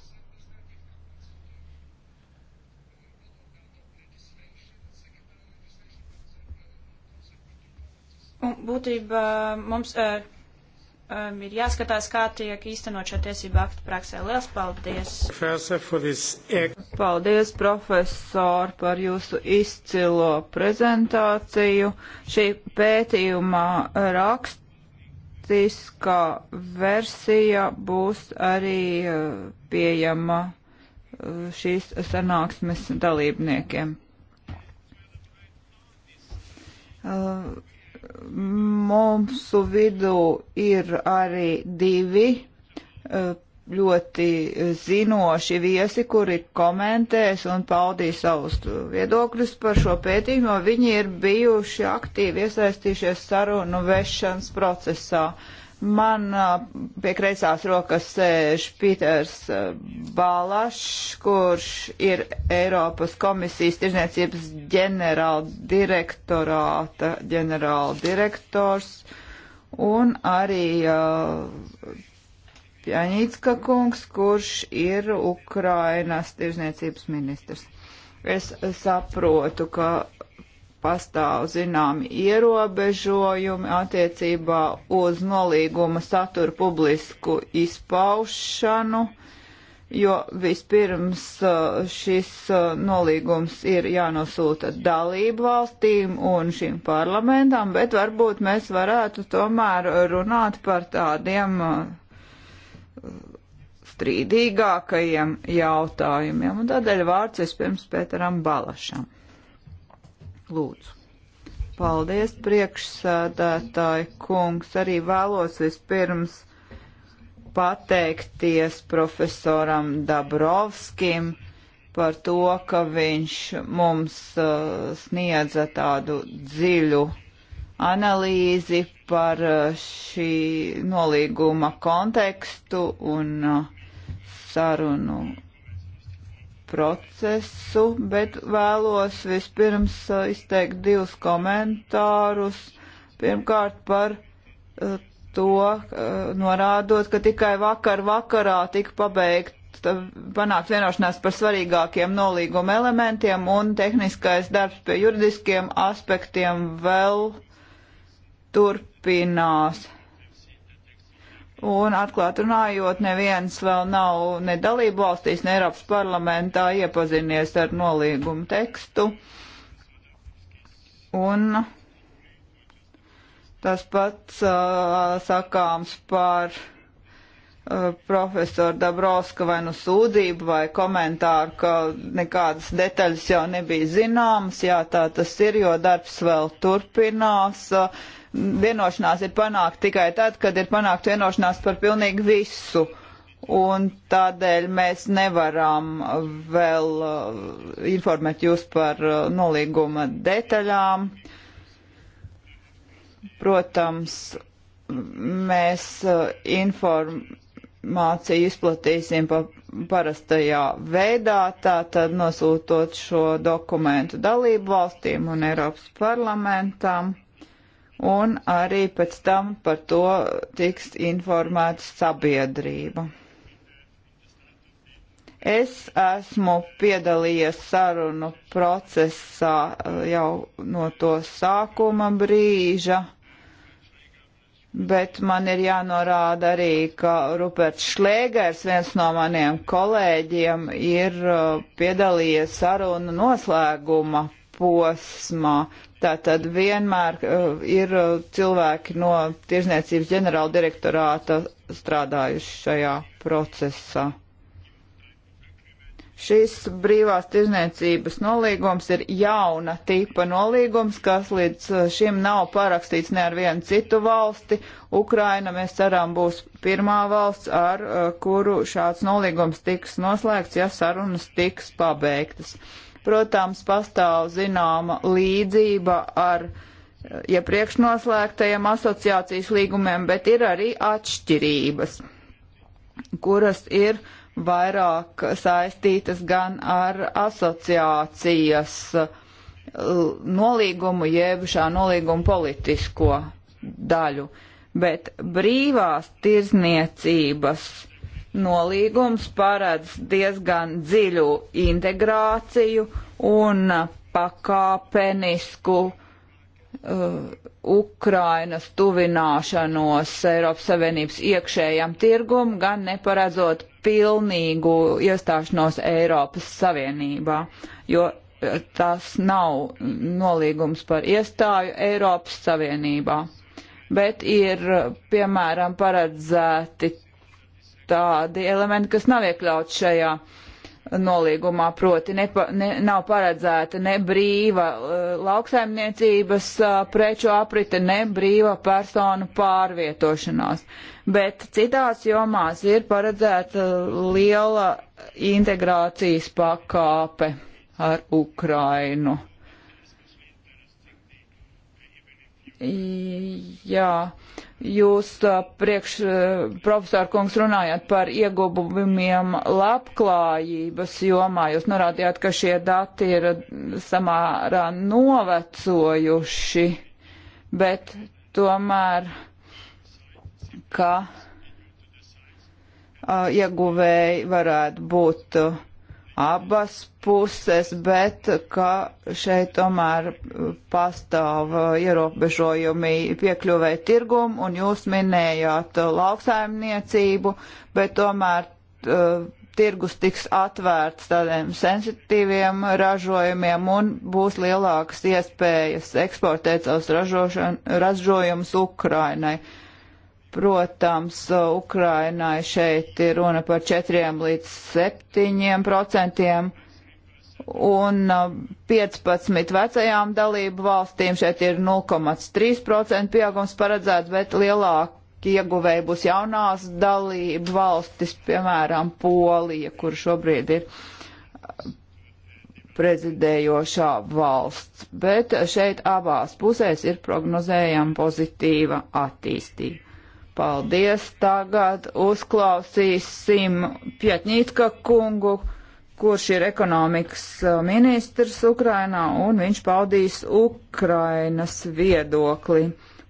[SPEAKER 3] Un būtībā mums uh, um, ir jāskatās, kā tiek īstenot šie tiesību akti praksē. Liels paldies!
[SPEAKER 1] Paldies, profesor, par jūsu izcilo prezentāciju. Šī pētījuma rakstiskā versija būs arī eh, pieejama šīs sanāksmes dalībniekiem. Uh, Mūsu vidū ir arī divi eh, ļoti zinoši viesi, kuri komentēs un paudīs savus viedokļus par šo pētījumu, jo viņi ir bijuši aktīvi iesaistījušies sarunu vešanas procesā. Uh, Man pie kreisās rokas sēž Pīters Balašs, kurš ir Eiropas komisijas tirzniecības ģenerāla direktorāta ģenerāla direktors, un arī uh, Pjaņīcka kungs, kurš ir Ukrainas tirzniecības ministrs. Es saprotu, ka pastāv zināmi ierobežojumi attiecībā uz nolīguma satura publisku izpaušanu, jo vispirms uh, šis uh, nolīgums ir jānosūta dalību valstīm un šim parlamentam, bet varbūt mēs varētu tomēr runāt par tādiem uh, strīdīgākajiem jautājumiem, un tādēļ vārds vispirms Pēteram Balašam. Lūdzu. Paldies, priekšsādātāji kungs. Arī vēlos vispirms pateikties profesoram Dabrovskim par to, ka viņš mums uh, sniedza tādu dziļu analīzi par uh, šī nolīguma kontekstu un uh, sarunu procesu, bet vēlos vispirms uh, izteikt divus komentārus. Pirmkārt par uh, to, uh, norādot, ka tikai vakar vakarā tika pabeigt panākt vienošanās par svarīgākiem nolīguma elementiem un tehniskais darbs pie juridiskiem aspektiem vēl turpinās. Un atklāt runājot, neviens vēl nav ne dalību valstīs, ne Eiropas parlamentā iepazinies ar nolīgumu tekstu. Un tas pats uh, sakāms par uh, profesoru Dabrovska vai nu sūdzību vai komentāru, ka nekādas detaļas jau nebija zināmas. Jā, tā tas ir, jo darbs vēl turpinās. Uh, vienošanās ir panākt tikai tad, kad ir panākt vienošanās par pilnīgi visu. Un tādēļ mēs nevaram vēl uh, informēt jūs par uh, nolīguma detaļām. Protams, mēs uh, informāciju izplatīsim pa parastajā veidā, tātad nosūtot šo dokumentu dalību valstīm un Eiropas parlamentam un arī pēc tam par to tiks informēta sabiedrība. Es esmu piedalījies sarunu procesā uh, jau no to sākuma brīža, bet man ir jānorāda arī, ka Ruperts Šlēgers, viens no maniem kolēģiem, ir uh, piedalījies sarunu noslēguma posmā. Tātad vienmēr uh, ir uh, cilvēki no tirzniecības ģenerāla direktorāta strādājuši šajā procesā. Šis brīvās tirzniecības nolīgums ir jauna tipa nolīgums, kas līdz uh, šim nav parakstīts ne ar vienu citu valsti. Ukraina, mēs ceram, būs pirmā valsts, ar uh, kuru šāds nolīgums tiks noslēgts, ja sarunas tiks pabeigtas. Uh, Protams, pastāv zināma līdzība ar iepriekš ja noslēgtajiem asociācijas līgumiem, bet ir arī atšķirības, kuras ir vairāk saistītas gan ar asociācijas nolīgumu, jeb šā nolīguma politisko daļu. Bet brīvās tirzniecības nolīgums paredz diezgan dziļu integrāciju un pakāpenisku uh, Ukrainas tuvināšanos Eiropas Savienības iekšējam tirgum, gan neparedzot pilnīgu iestāšanos Eiropas Savienībā, jo uh, tas nav nolīgums par iestāju Eiropas Savienībā, bet ir, uh, piemēram, paredzēti tādi elementi, kas nav iekļauts šajā nolīgumā, proti nepa, ne, nav paredzēta ne brīva eh, lauksaimniecības eh, preču aprite, ne brīva personu pārvietošanās. Bet citās jomās ir paredzēta liela integrācijas pakāpe ar Ukrainu. Jā, jūs priekš profesoru kungs runājāt par ieguvumiem labklājības jomā. Jūs norādījāt, ka šie dati ir samārā novecojuši, bet tomēr, ka uh, ieguvēji varētu būt uh, abas puses, bet ka šeit tomēr pastāv ierobežojumi piekļuvē tirgumu, un jūs minējāt lauksaimniecību, bet tomēr tirgus tiks atvērts tādiem sensitīviem ražojumiem un būs lielākas iespējas eksportēt savus ražojumus Ukrainai. Uh, Protams, Ukrainai šeit ir runa par 4 līdz 7 procentiem un 15 uh, vecajām dalību valstīm šeit ir 0,3% pieaugums paredzēts, bet lielāki ieguvēji būs jaunās dalību valstis, piemēram, Polija, kur šobrīd ir uh, prezidējošā valsts. Bet šeit abās pusēs ir prognozējama pozitīva attīstība. Paldies. Tagad uzklausīsim Pjatņītka kungu, kurš ir ekonomikas uh, ministrs Ukrainā, un viņš paudīs Ukrainas viedokli.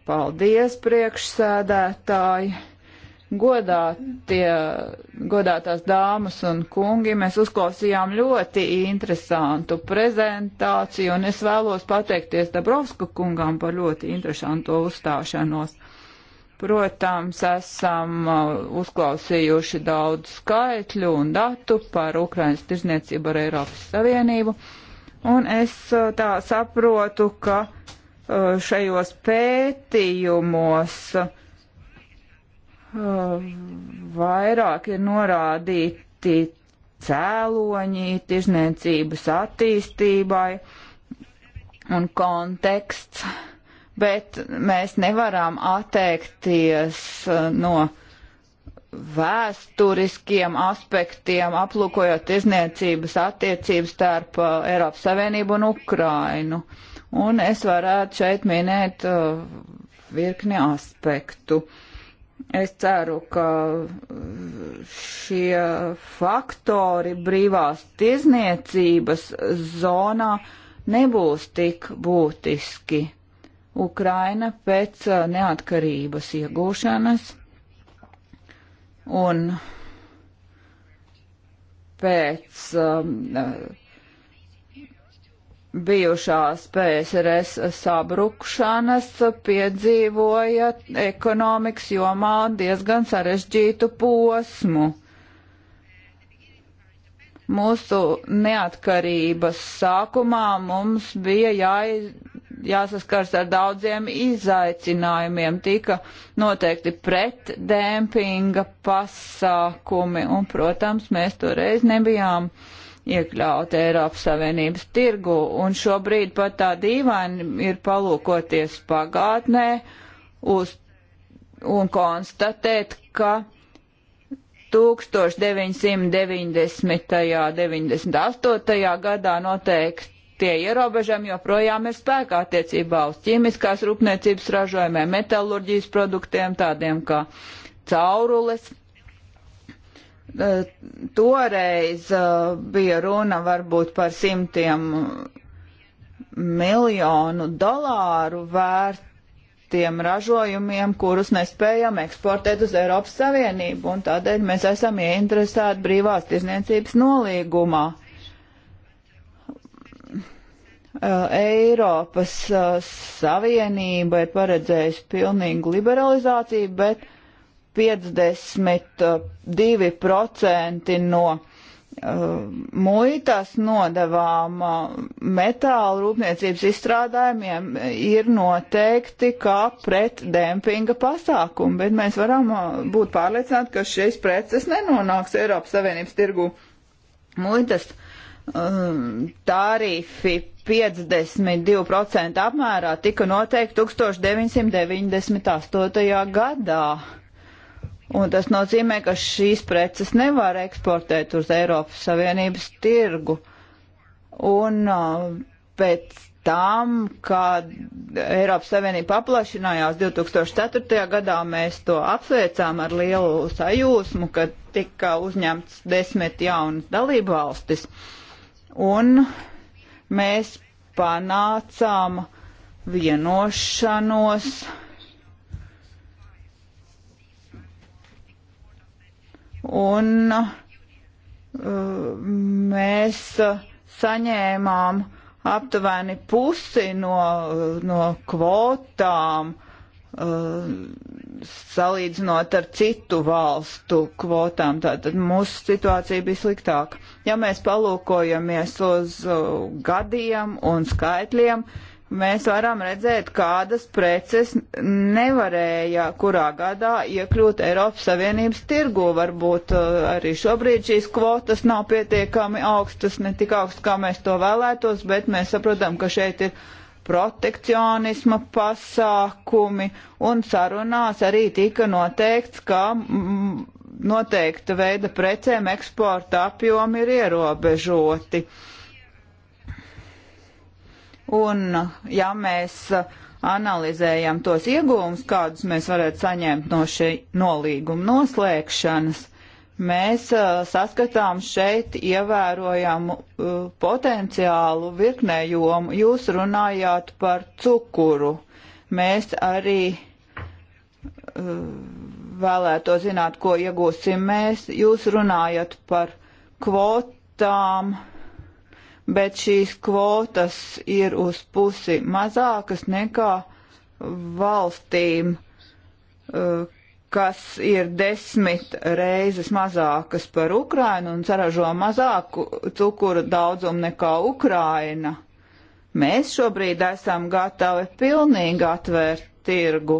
[SPEAKER 1] Paldies, priekšsēdētāji! Godātie, godātās dāmas un kungi, mēs uzklausījām ļoti interesantu prezentāciju, un es vēlos pateikties Dabrovska kungām par ļoti interesanto uzstāšanos. Protams, esam uh, uzklausījuši daudz skaitļu un datu par Ukrainas tirzniecību ar Eiropas Savienību. Un es uh, tā saprotu, ka uh, šajos pētījumos vairāk ir norādīti cēloņi tirzniecības attīstībai un konteksts bet mēs nevaram atteikties uh, no vēsturiskiem aspektiem, aplūkojot tirzniecības attiecības starp uh, Eiropas Savienību un Ukrainu. Un es varētu šeit minēt uh, virkni aspektu. Es ceru, ka uh, šie faktori brīvās tirzniecības zonā nebūs tik būtiski Ukraina pēc uh, neatkarības iegūšanas un pēc um, uh, bijušās PSRS sabrukšanas piedzīvoja ekonomikas jomā diezgan sarežģītu posmu. Mūsu neatkarības sākumā mums bija jāizdevās jāsaskars ar daudziem izaicinājumiem. Tika noteikti pretdēmpinga pasākumi, un, protams, mēs toreiz nebijām iekļaut Eiropas Savienības tirgu, un šobrīd pat tā dīvaini ir palūkoties pagātnē uz, un konstatēt, ka 1990. un 98. gadā noteikti tie ierobežojumi joprojām ir spēkā attiecībā uz ķīmiskās rūpniecības ražojumiem, metālurģijas produktiem, tādiem kā caurules. E, toreiz e, bija runa varbūt par simtiem miljonu dolāru vērtiem ražojumiem, kurus nespējam eksportēt uz Eiropas Savienību, un tādēļ mēs esam ieinteresēti brīvās tirzniecības nolīgumā. Uh, Eh, Eiropas eh, Savienība ir paredzējusi pilnīgu liberalizāciju, bet 52% no uh, muitas nodevām metāla rūpniecības izstrādājumiem ir noteikti kā pretdempinga pasākumi, bet mēs varam uh, būt pārliecināti, ka šīs preces nenonāks Eiropas Savienības tirgu muitas um, tarifi 52% apmērā tika noteikti 1998. gadā. Un tas nozīmē, ka šīs preces nevar eksportēt uz Eiropas Savienības tirgu. Un uh, pēc tam, kad Eiropas Savienība paplašinājās 2004. gadā, mēs to apsveicām ar lielu sajūsmu, ka tika uzņemts desmit jaunas dalību valstis. Un uh, mēs panācām vienošanos. Un uh, mēs saņēmām aptuveni pusi no, no kvotām uh, salīdzinot ar citu valstu kvotām, tātad mūsu situācija bija sliktāka. Ja mēs palūkojamies uz uh, gadiem un skaitļiem, mēs varam redzēt, kādas preces nevarēja kurā gadā iekļūt Eiropas Savienības tirgu. Varbūt uh, arī šobrīd šīs kvotas nav pietiekami augstas, ne tik augstas, kā mēs to vēlētos, bet mēs saprotam, ka šeit ir protekcionisma pasākumi, un sarunās arī tika noteikts, ka mm, noteikta veida precēm eksporta apjomi ir ierobežoti. Un ja mēs analizējam tos iegūmus, kādus mēs varētu saņemt no šī nolīguma noslēgšanas, mēs uh, saskatām šeit ievērojamu uh, potenciālu virknējumu. Jūs runājāt par cukuru. Mēs arī uh, vēlēto zināt, ko iegūsim mēs. Jūs runājat par kvotām, bet šīs kvotas ir uz pusi mazākas nekā valstīm, kas ir desmit reizes mazākas par Ukrainu un saražo mazāku cukuru daudzumu nekā Ukraina. Mēs šobrīd esam gatavi pilnīgi atvērt tirgu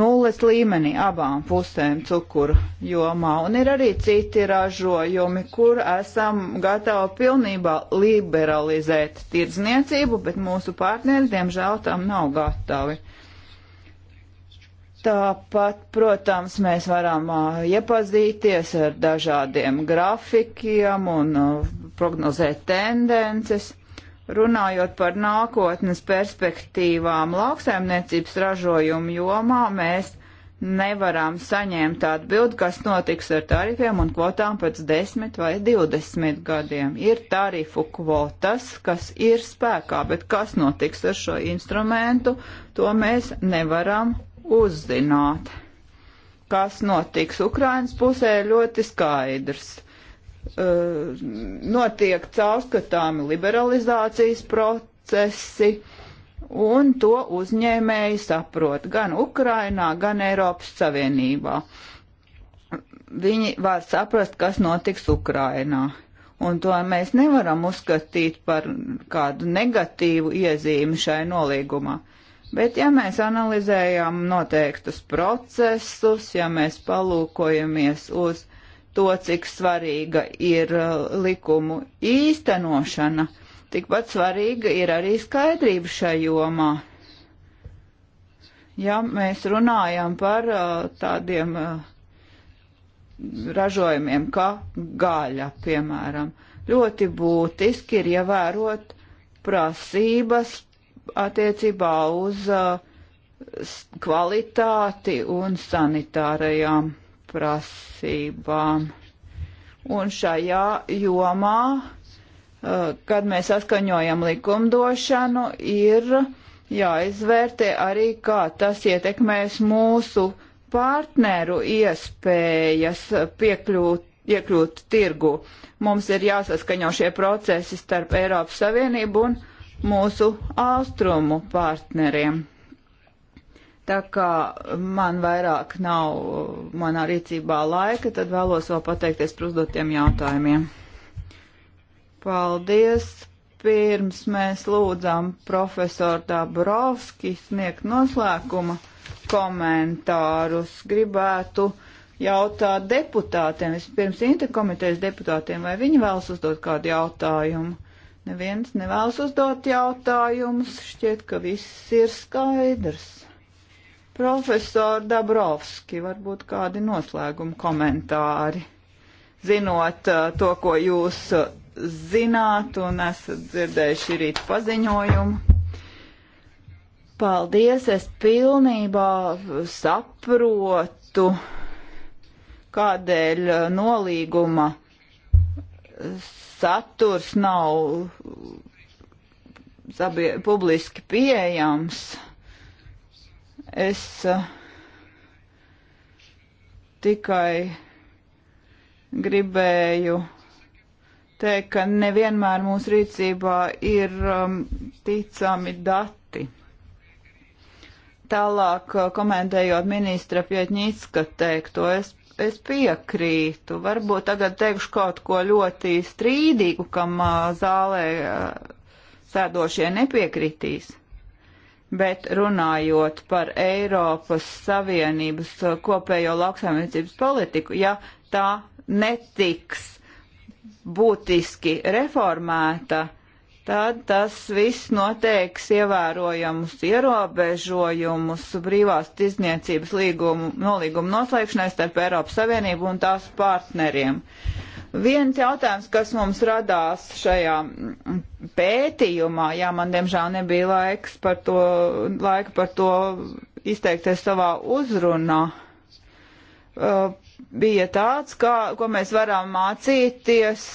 [SPEAKER 1] nulles līmenī abām pusēm cukuru jomā. Un ir arī citi ražojumi, kur esam gatavi pilnībā liberalizēt tirdzniecību, bet mūsu partneri, diemžēl, tam nav gatavi. Uh, Tāpat, protams, mēs varam iepazīties ar dažādiem grafikiem un prognozēt tendences. Runājot par nākotnes perspektīvām lauksaimniecības ražojumu jomā, mēs nevaram saņemt atbildi, kas notiks ar tarifiem un kvotām pēc 10 vai 20 gadiem. Ir tarifu kvotas, kas ir spēkā, bet kas notiks ar šo instrumentu, to mēs nevaram uzzināt. Kas notiks Ukrainas pusē, ļoti skaidrs. Uh, notiek caurskatāmi liberalizācijas procesi, un to uzņēmēji saprot gan Ukrainā, gan Eiropas Savienībā. Viņi var saprast, kas notiks Ukrainā. Un to mēs nevaram uzskatīt par kādu negatīvu iezīmi šai nolīgumā. Uh, Bet ja mēs analizējam noteiktus procesus, ja mēs palūkojamies uz to, cik svarīga ir uh, likumu īstenošana, tikpat svarīga ir arī skaidrība šai jomā. Ja mēs runājam par uh, tādiem uh, ražojumiem kā gaļa, piemēram, ļoti būtiski ir ievērot prasības attiecībā uz uh, kvalitāti un sanitārajām prasībām. Un šajā jomā, uh, kad mēs saskaņojam likumdošanu, ir jāizvērtē arī, kā tas ietekmēs mūsu partneru iespējas piekļūt, iekļūt tirgu. Mums ir jāsaskaņo šie procesi starp Eiropas Savienību un Eiropu mūsu austrumu partneriem. Tā kā man vairāk nav uh, manā rīcībā laika, tad vēlos vēl pateikties par uzdotiem jautājumiem. Paldies! Pirms mēs lūdzām profesoru Dabrovski sniegt noslēguma komentārus, gribētu jautāt deputātiem, vispirms interkomitejas deputātiem, vai viņi vēlas uzdot kādu jautājumu. Neviens nevēlas uzdot jautājumus, šķiet, ka viss ir skaidrs. Profesor Dabrovski, varbūt kādi noslēguma komentāri, zinot uh, to, ko jūs uh, zināt un esat dzirdējuši rīt paziņojumu. Paldies, es pilnībā saprotu, kādēļ uh, nolīguma saturs nav sabie, publiski pieejams. Es uh, tikai gribēju teikt, ka nevienmēr mūsu rīcībā ir um, ticami dati. Tālāk, eh, komentējot ministra Pietņīcka teikto, es es piekrītu. Varbūt tagad teikšu kaut ko ļoti strīdīgu, kam zālē sēdošie nepiekritīs. Bet runājot par Eiropas Savienības kopējo lauksaimniecības politiku, ja tā netiks būtiski reformēta, uh, tad tas viss noteiks ievērojamus ierobežojumus brīvās tirzniecības līgumu, nolīgumu noslēgšanai starp Eiropas Savienību un tās partneriem. Viens jautājums, kas mums radās šajā pētījumā, jā, man diemžēl nebija laiks par to, laika par to izteikties savā uzrunā, uh, bija tāds, kā, ko mēs varam mācīties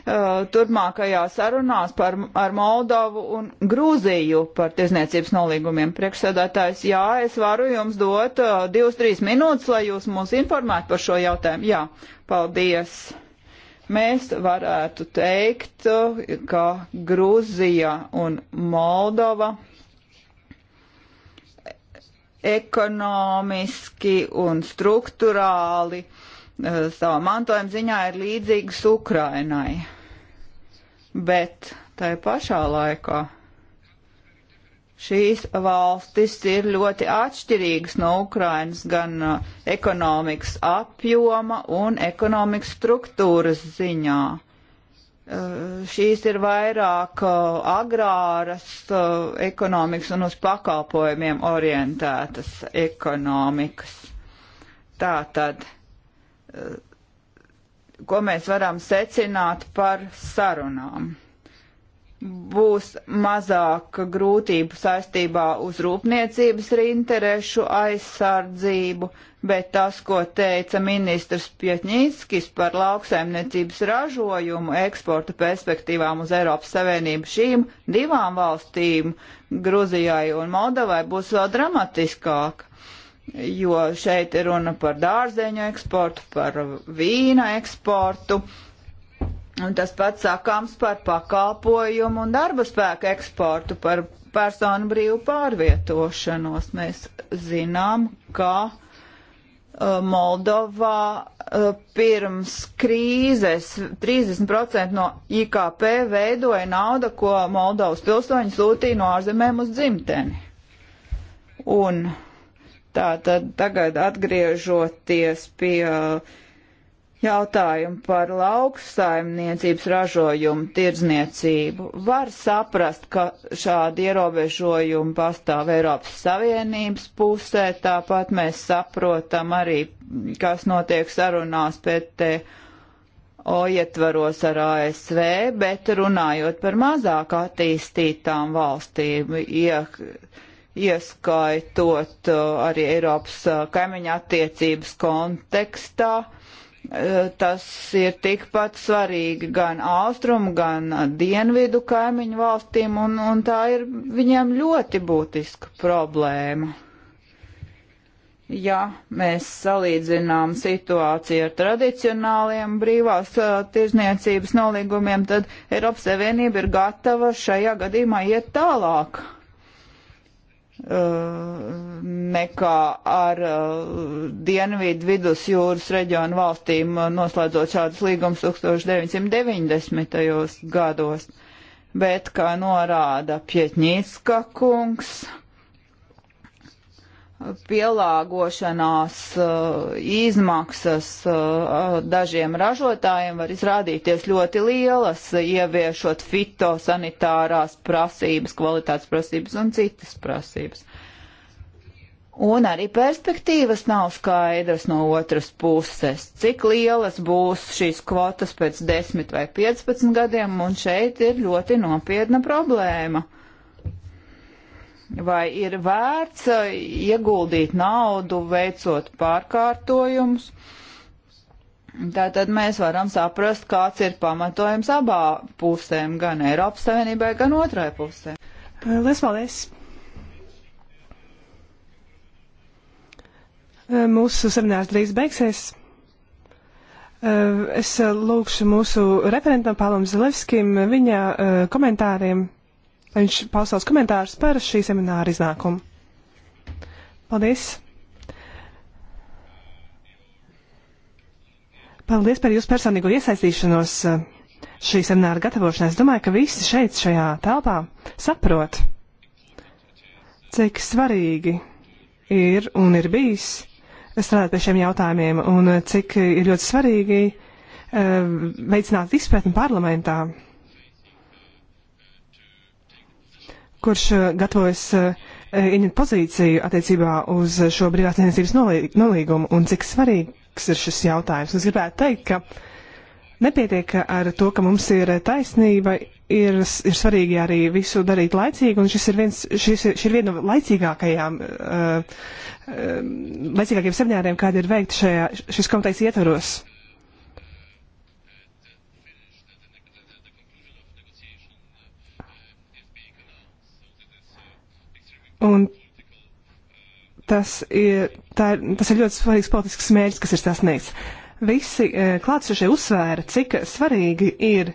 [SPEAKER 1] Uh, turpmākajā sarunās par, ar Moldovu un Grūziju par tirzniecības nolīgumiem. Priekšsēdētājs, jā, es varu jums dot uh, divas, trīs minūtes, lai jūs mūs informētu par šo jautājumu. Jā, paldies. Mēs varētu teikt, uh, ka Grūzija un Moldova ekonomiski un struktūrāli uh, Eh, savā mantojuma ziņā ir līdzīgas Ukrainai. Bet tai pašā laikā šīs valstis ir ļoti atšķirīgas no Ukrainas gan eh, ekonomikas apjoma un ekonomikas struktūras ziņā. Eh, šīs ir vairāk agrāras ekonomikas un uz pakalpojumiem orientētas ekonomikas. Tātad. Eh, ko mēs varam secināt par sarunām. Būs mazāk grūtību saistībā uz rūpniecības interešu aizsardzību, bet tas, ko teica ministrs Pietņīskis par lauksaimniecības ražojumu eksporta perspektīvām uz Eiropas Savienību šīm divām valstīm, Gruzijai un Moldavai, būs vēl dramatiskāk. Uh, jo šeit ir runa par dārzeņu eksportu, par vīna eksportu. Un tas pats sakāms par pakalpojumu un darba spēku eksportu, par personu brīvu pārvietošanos. Mēs zinām, ka uh, Moldovā uh, pirms krīzes 30% no IKP veidoja nauda, ko Moldovas pilsoņi sūtīja no ārzemēm uz dzimteni. Un Tātad tagad atgriežoties pie jautājumu par lauksaimniecības ražojumu tirdzniecību. Var saprast, ka šādi ierobežojumi pastāv Eiropas Savienības pusē, tāpat mēs saprotam arī, kas notiek sarunās PTO ietvaros ar ASV, bet runājot par mazāk attīstītām valstīm, iek. Ja ieskaitot uh, arī Eiropas uh, kaimiņa attiecības kontekstā. Uh, tas ir tikpat svarīgi gan austrumu, gan dienvidu kaimiņu valstīm, un, un tā ir viņiem ļoti būtiska problēma. Ja mēs salīdzinām situāciju ar tradicionāliem brīvās tirzniecības nolīgumiem, tad Eiropas Savienība ir gatava šajā gadījumā iet tālāk Uh, nekā ar uh, Dienvidu vidusjūras reģionu valstīm uh, noslēdzot šādas līgumas 1990. gados. Bet, kā norāda Pietņīska kungs, pielāgošanās uh, izmaksas uh, dažiem ražotājiem var izrādīties ļoti lielas, ieviešot fitosanitārās prasības, kvalitātes prasības un citas prasības. Un arī perspektīvas nav skaidras no otras puses, cik lielas būs šīs kvotas pēc 10 vai 15 gadiem, un šeit ir ļoti nopietna problēma. Uh, vai ir vērts uh, ieguldīt naudu, veicot pārkārtojumus. Tātad mēs varam saprast, kāds ir pamatojums abā pusēm,
[SPEAKER 2] gan Eiropas Savienībai, gan otrai pusē. Lies paldies! Uh, mūsu seminārs drīz beigsies. Uh, es lūkšu mūsu referentam Pālam Zilevskim viņa komentāriem Viņš pausās komentārus par šī semināra iznākumu. Paldies! Paldies par jūsu personīgo iesaistīšanos eh, šī semināra gatavošanā. Es domāju, ka visi šeit, šajā telpā, saprot, cik svarīgi ir un ir bijis strādāt pie šiem jautājumiem un cik ir ļoti svarīgi eh, veicināt izpētni parlamentā. kurš eh, gatavojas eh, eh, ieņemt pozīciju attiecībā uz šo brīvās tiesniecības nolīgumu un cik svarīgs ir šis jautājums. Es gribētu teikt, ka nepietiek ar to, ka mums ir taisnība, ir, ir svarīgi arī visu darīt laicīgi, un šis ir viens, šis ir, šis ir viena no laicīgākajām, uh, uh, laicīgākajiem semināriem, kāda ir veikta šajā, šis komitejas ietvaros. Un tas ir, ir, tas ir ļoti svarīgs politisks mērķis, kas ir sasniegts. Visi e, klātsošie uzsvēra, cik svarīgi ir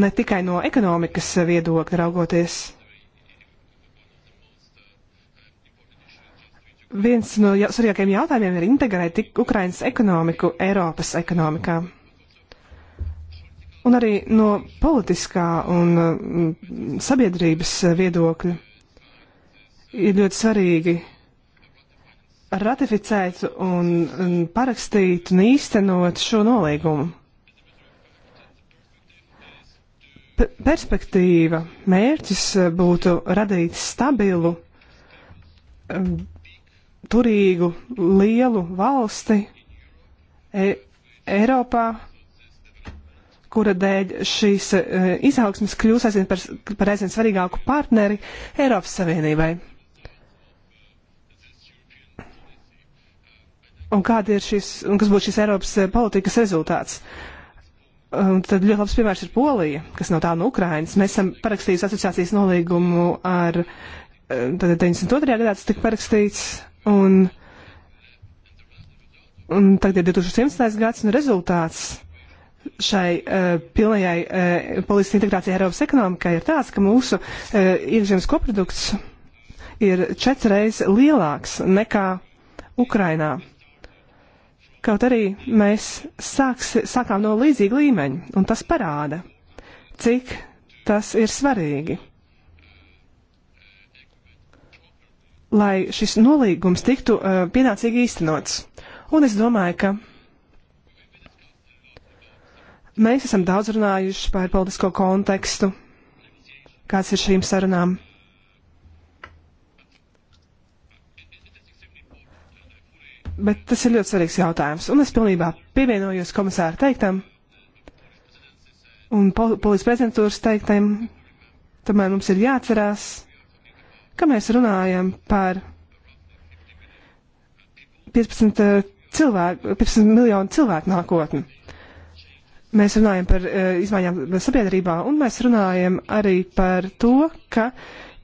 [SPEAKER 2] ne tikai no ekonomikas viedokļa raugoties. Viens no svarīgākajiem jautājumiem ir integrēt Ukrainas ekonomiku Eiropas ekonomikā. Un arī no politiskā un mm, sabiedrības viedokļa ir ļoti svarīgi ratificēt un, un parakstīt un īstenot šo nolīgumu. P perspektīva, mērķis eh, būtu radīt stabilu, eh, turīgu, lielu valsti e Eiropā, kura dēļ šīs e izaugsmes kļūs aizvien par, par aizvien svarīgāku partneri Eiropas Savienībai. un kāda ir šis, un kas būtu šīs Eiropas eh, politikas rezultāts. Un tad ļoti labs piemērs ir Polija, kas nav tālu no Ukrainas. Mēs esam parakstījuši asociācijas nolīgumu ar, eh, tad 92. gadā tas tika parakstīts, un, un tagad ir 2017. gads, un rezultāts šai uh, pilnajai uh, polijas integrācijai Eiropas ekonomikai ir tāds, ka mūsu uh, iekšzemes koprodukts ir četreiz lielāks nekā Ukrainā. Kaut arī mēs sāks, sākām no līdzīga līmeņa, un tas parāda, cik tas ir svarīgi. Lai šis nolīgums tiktu uh, pienācīgi īstenots. Un es domāju, ka mēs esam daudz runājuši par politisko kontekstu, kāds ir šīm sarunām. bet tas ir ļoti svarīgs jautājums. Un es pilnībā pievienojos komisāra teiktam un pol polijas prezidentūras teiktam. Tomēr mums ir jāatcerās, ka mēs runājam par 15, eh, cilvēku, 15 miljonu cilvēku nākotni. Mēs runājam par uh, izmaiņām sabiedrībā, un mēs runājam arī par to, ka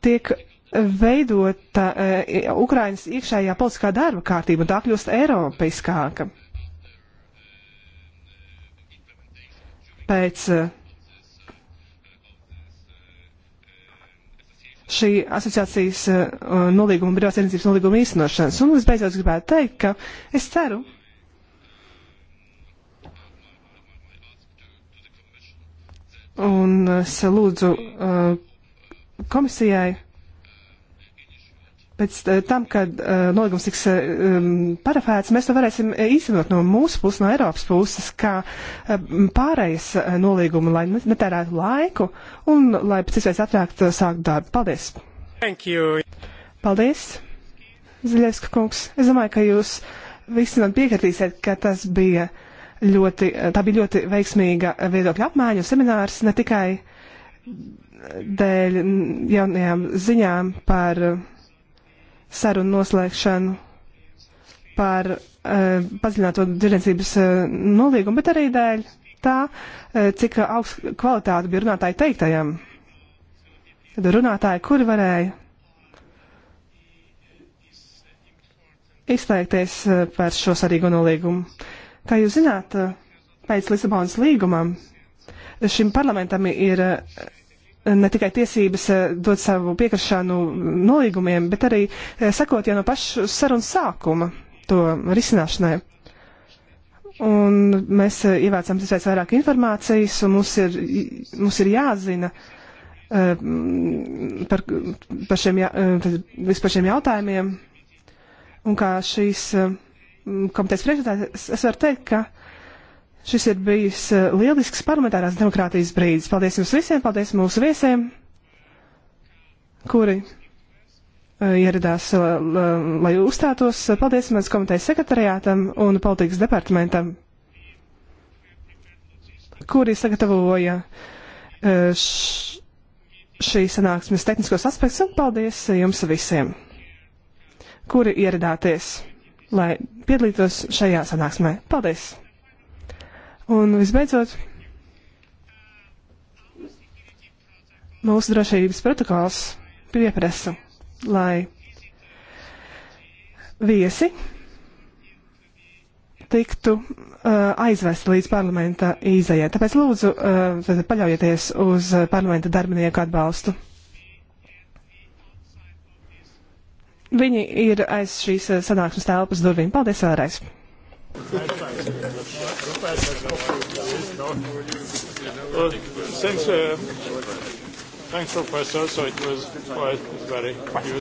[SPEAKER 2] tiek veidot uh, Ukrainas iekšējā politiskā darba kārtība, un tā kļūst eiropeiskāka. Pēc uh, šī asociācijas uh, nolīguma, brīvās enerģijas nolīguma īstenošanas. Un visbeidzot gribētu teikt, ka es ceru, un es lūdzu uh, komisijai pēc eh, tam, kad uh, nolīgums tiks eh, um, parafēts, mēs to varēsim īstenot no mūsu puses, no Eiropas puses, kā um, pārējas nolīgumu, lai netērētu laiku un lai pēc iespējas ātrāk sākt darbu. Paldies! Thank you! Paldies, Zaļevska kungs! Es domāju, ka jūs visi man piekritīsiet, ka tas bija ļoti, tā bija ļoti veiksmīga viedokļa apmaiņa un seminārs ne tikai dēļ jaunajām ziņām par uh, sarunu noslēgšanu par uh, padziļināto tirdzniecības uh, eh, nolīgumu, bet arī dēļ tā, uh, cik augsta kvalitāte bija runātāji teiktajam. Tad runātāji, kuri varēja izteikties uh, par šo sarīgo nolīgumu. Kā jūs zināt, uh, pēc Lisabonas līgumam šim parlamentam ir uh, ne tikai tiesības eh, dot savu piekrišanu nolīgumiem, bet arī eh, sekot jau no paša sarunas sākuma to risināšanai. Un mēs eh, ievācām tikai vairāk informācijas, un mums ir, mums ir jāzina par, par, šiem, jā, par šiem jautājumiem. Un kā šīs komitejas priekšsēdētājs, es varu teikt, ka Šis ir bijis eh, lielisks parlamentārās demokrātijas brīdis. Paldies jums visiem, paldies mūsu viesiem, kuri eh, ieradās, eh, lai uzstātos. Paldies mans komitejas sekretariātam un politikas departamentam, kuri sagatavoja šīs sanāksmes tehniskos aspektus, un paldies jums visiem, kuri ieradāties, lai piedalītos šajā sanāksmē. Paldies! Un visbeidzot, mūsu drošības protokols pieprasa, lai viesi tiktu uh, aizvest līdz parlamenta izējai. Tāpēc lūdzu, uh, paļaujieties uz parlamenta darbinieku atbalstu. Viņi ir aiz šīs uh, sanāksmes telpas durvīm. Paldies vēlreiz! Well, thanks, uh,
[SPEAKER 1] thanks, Professor. So it was quite very useful.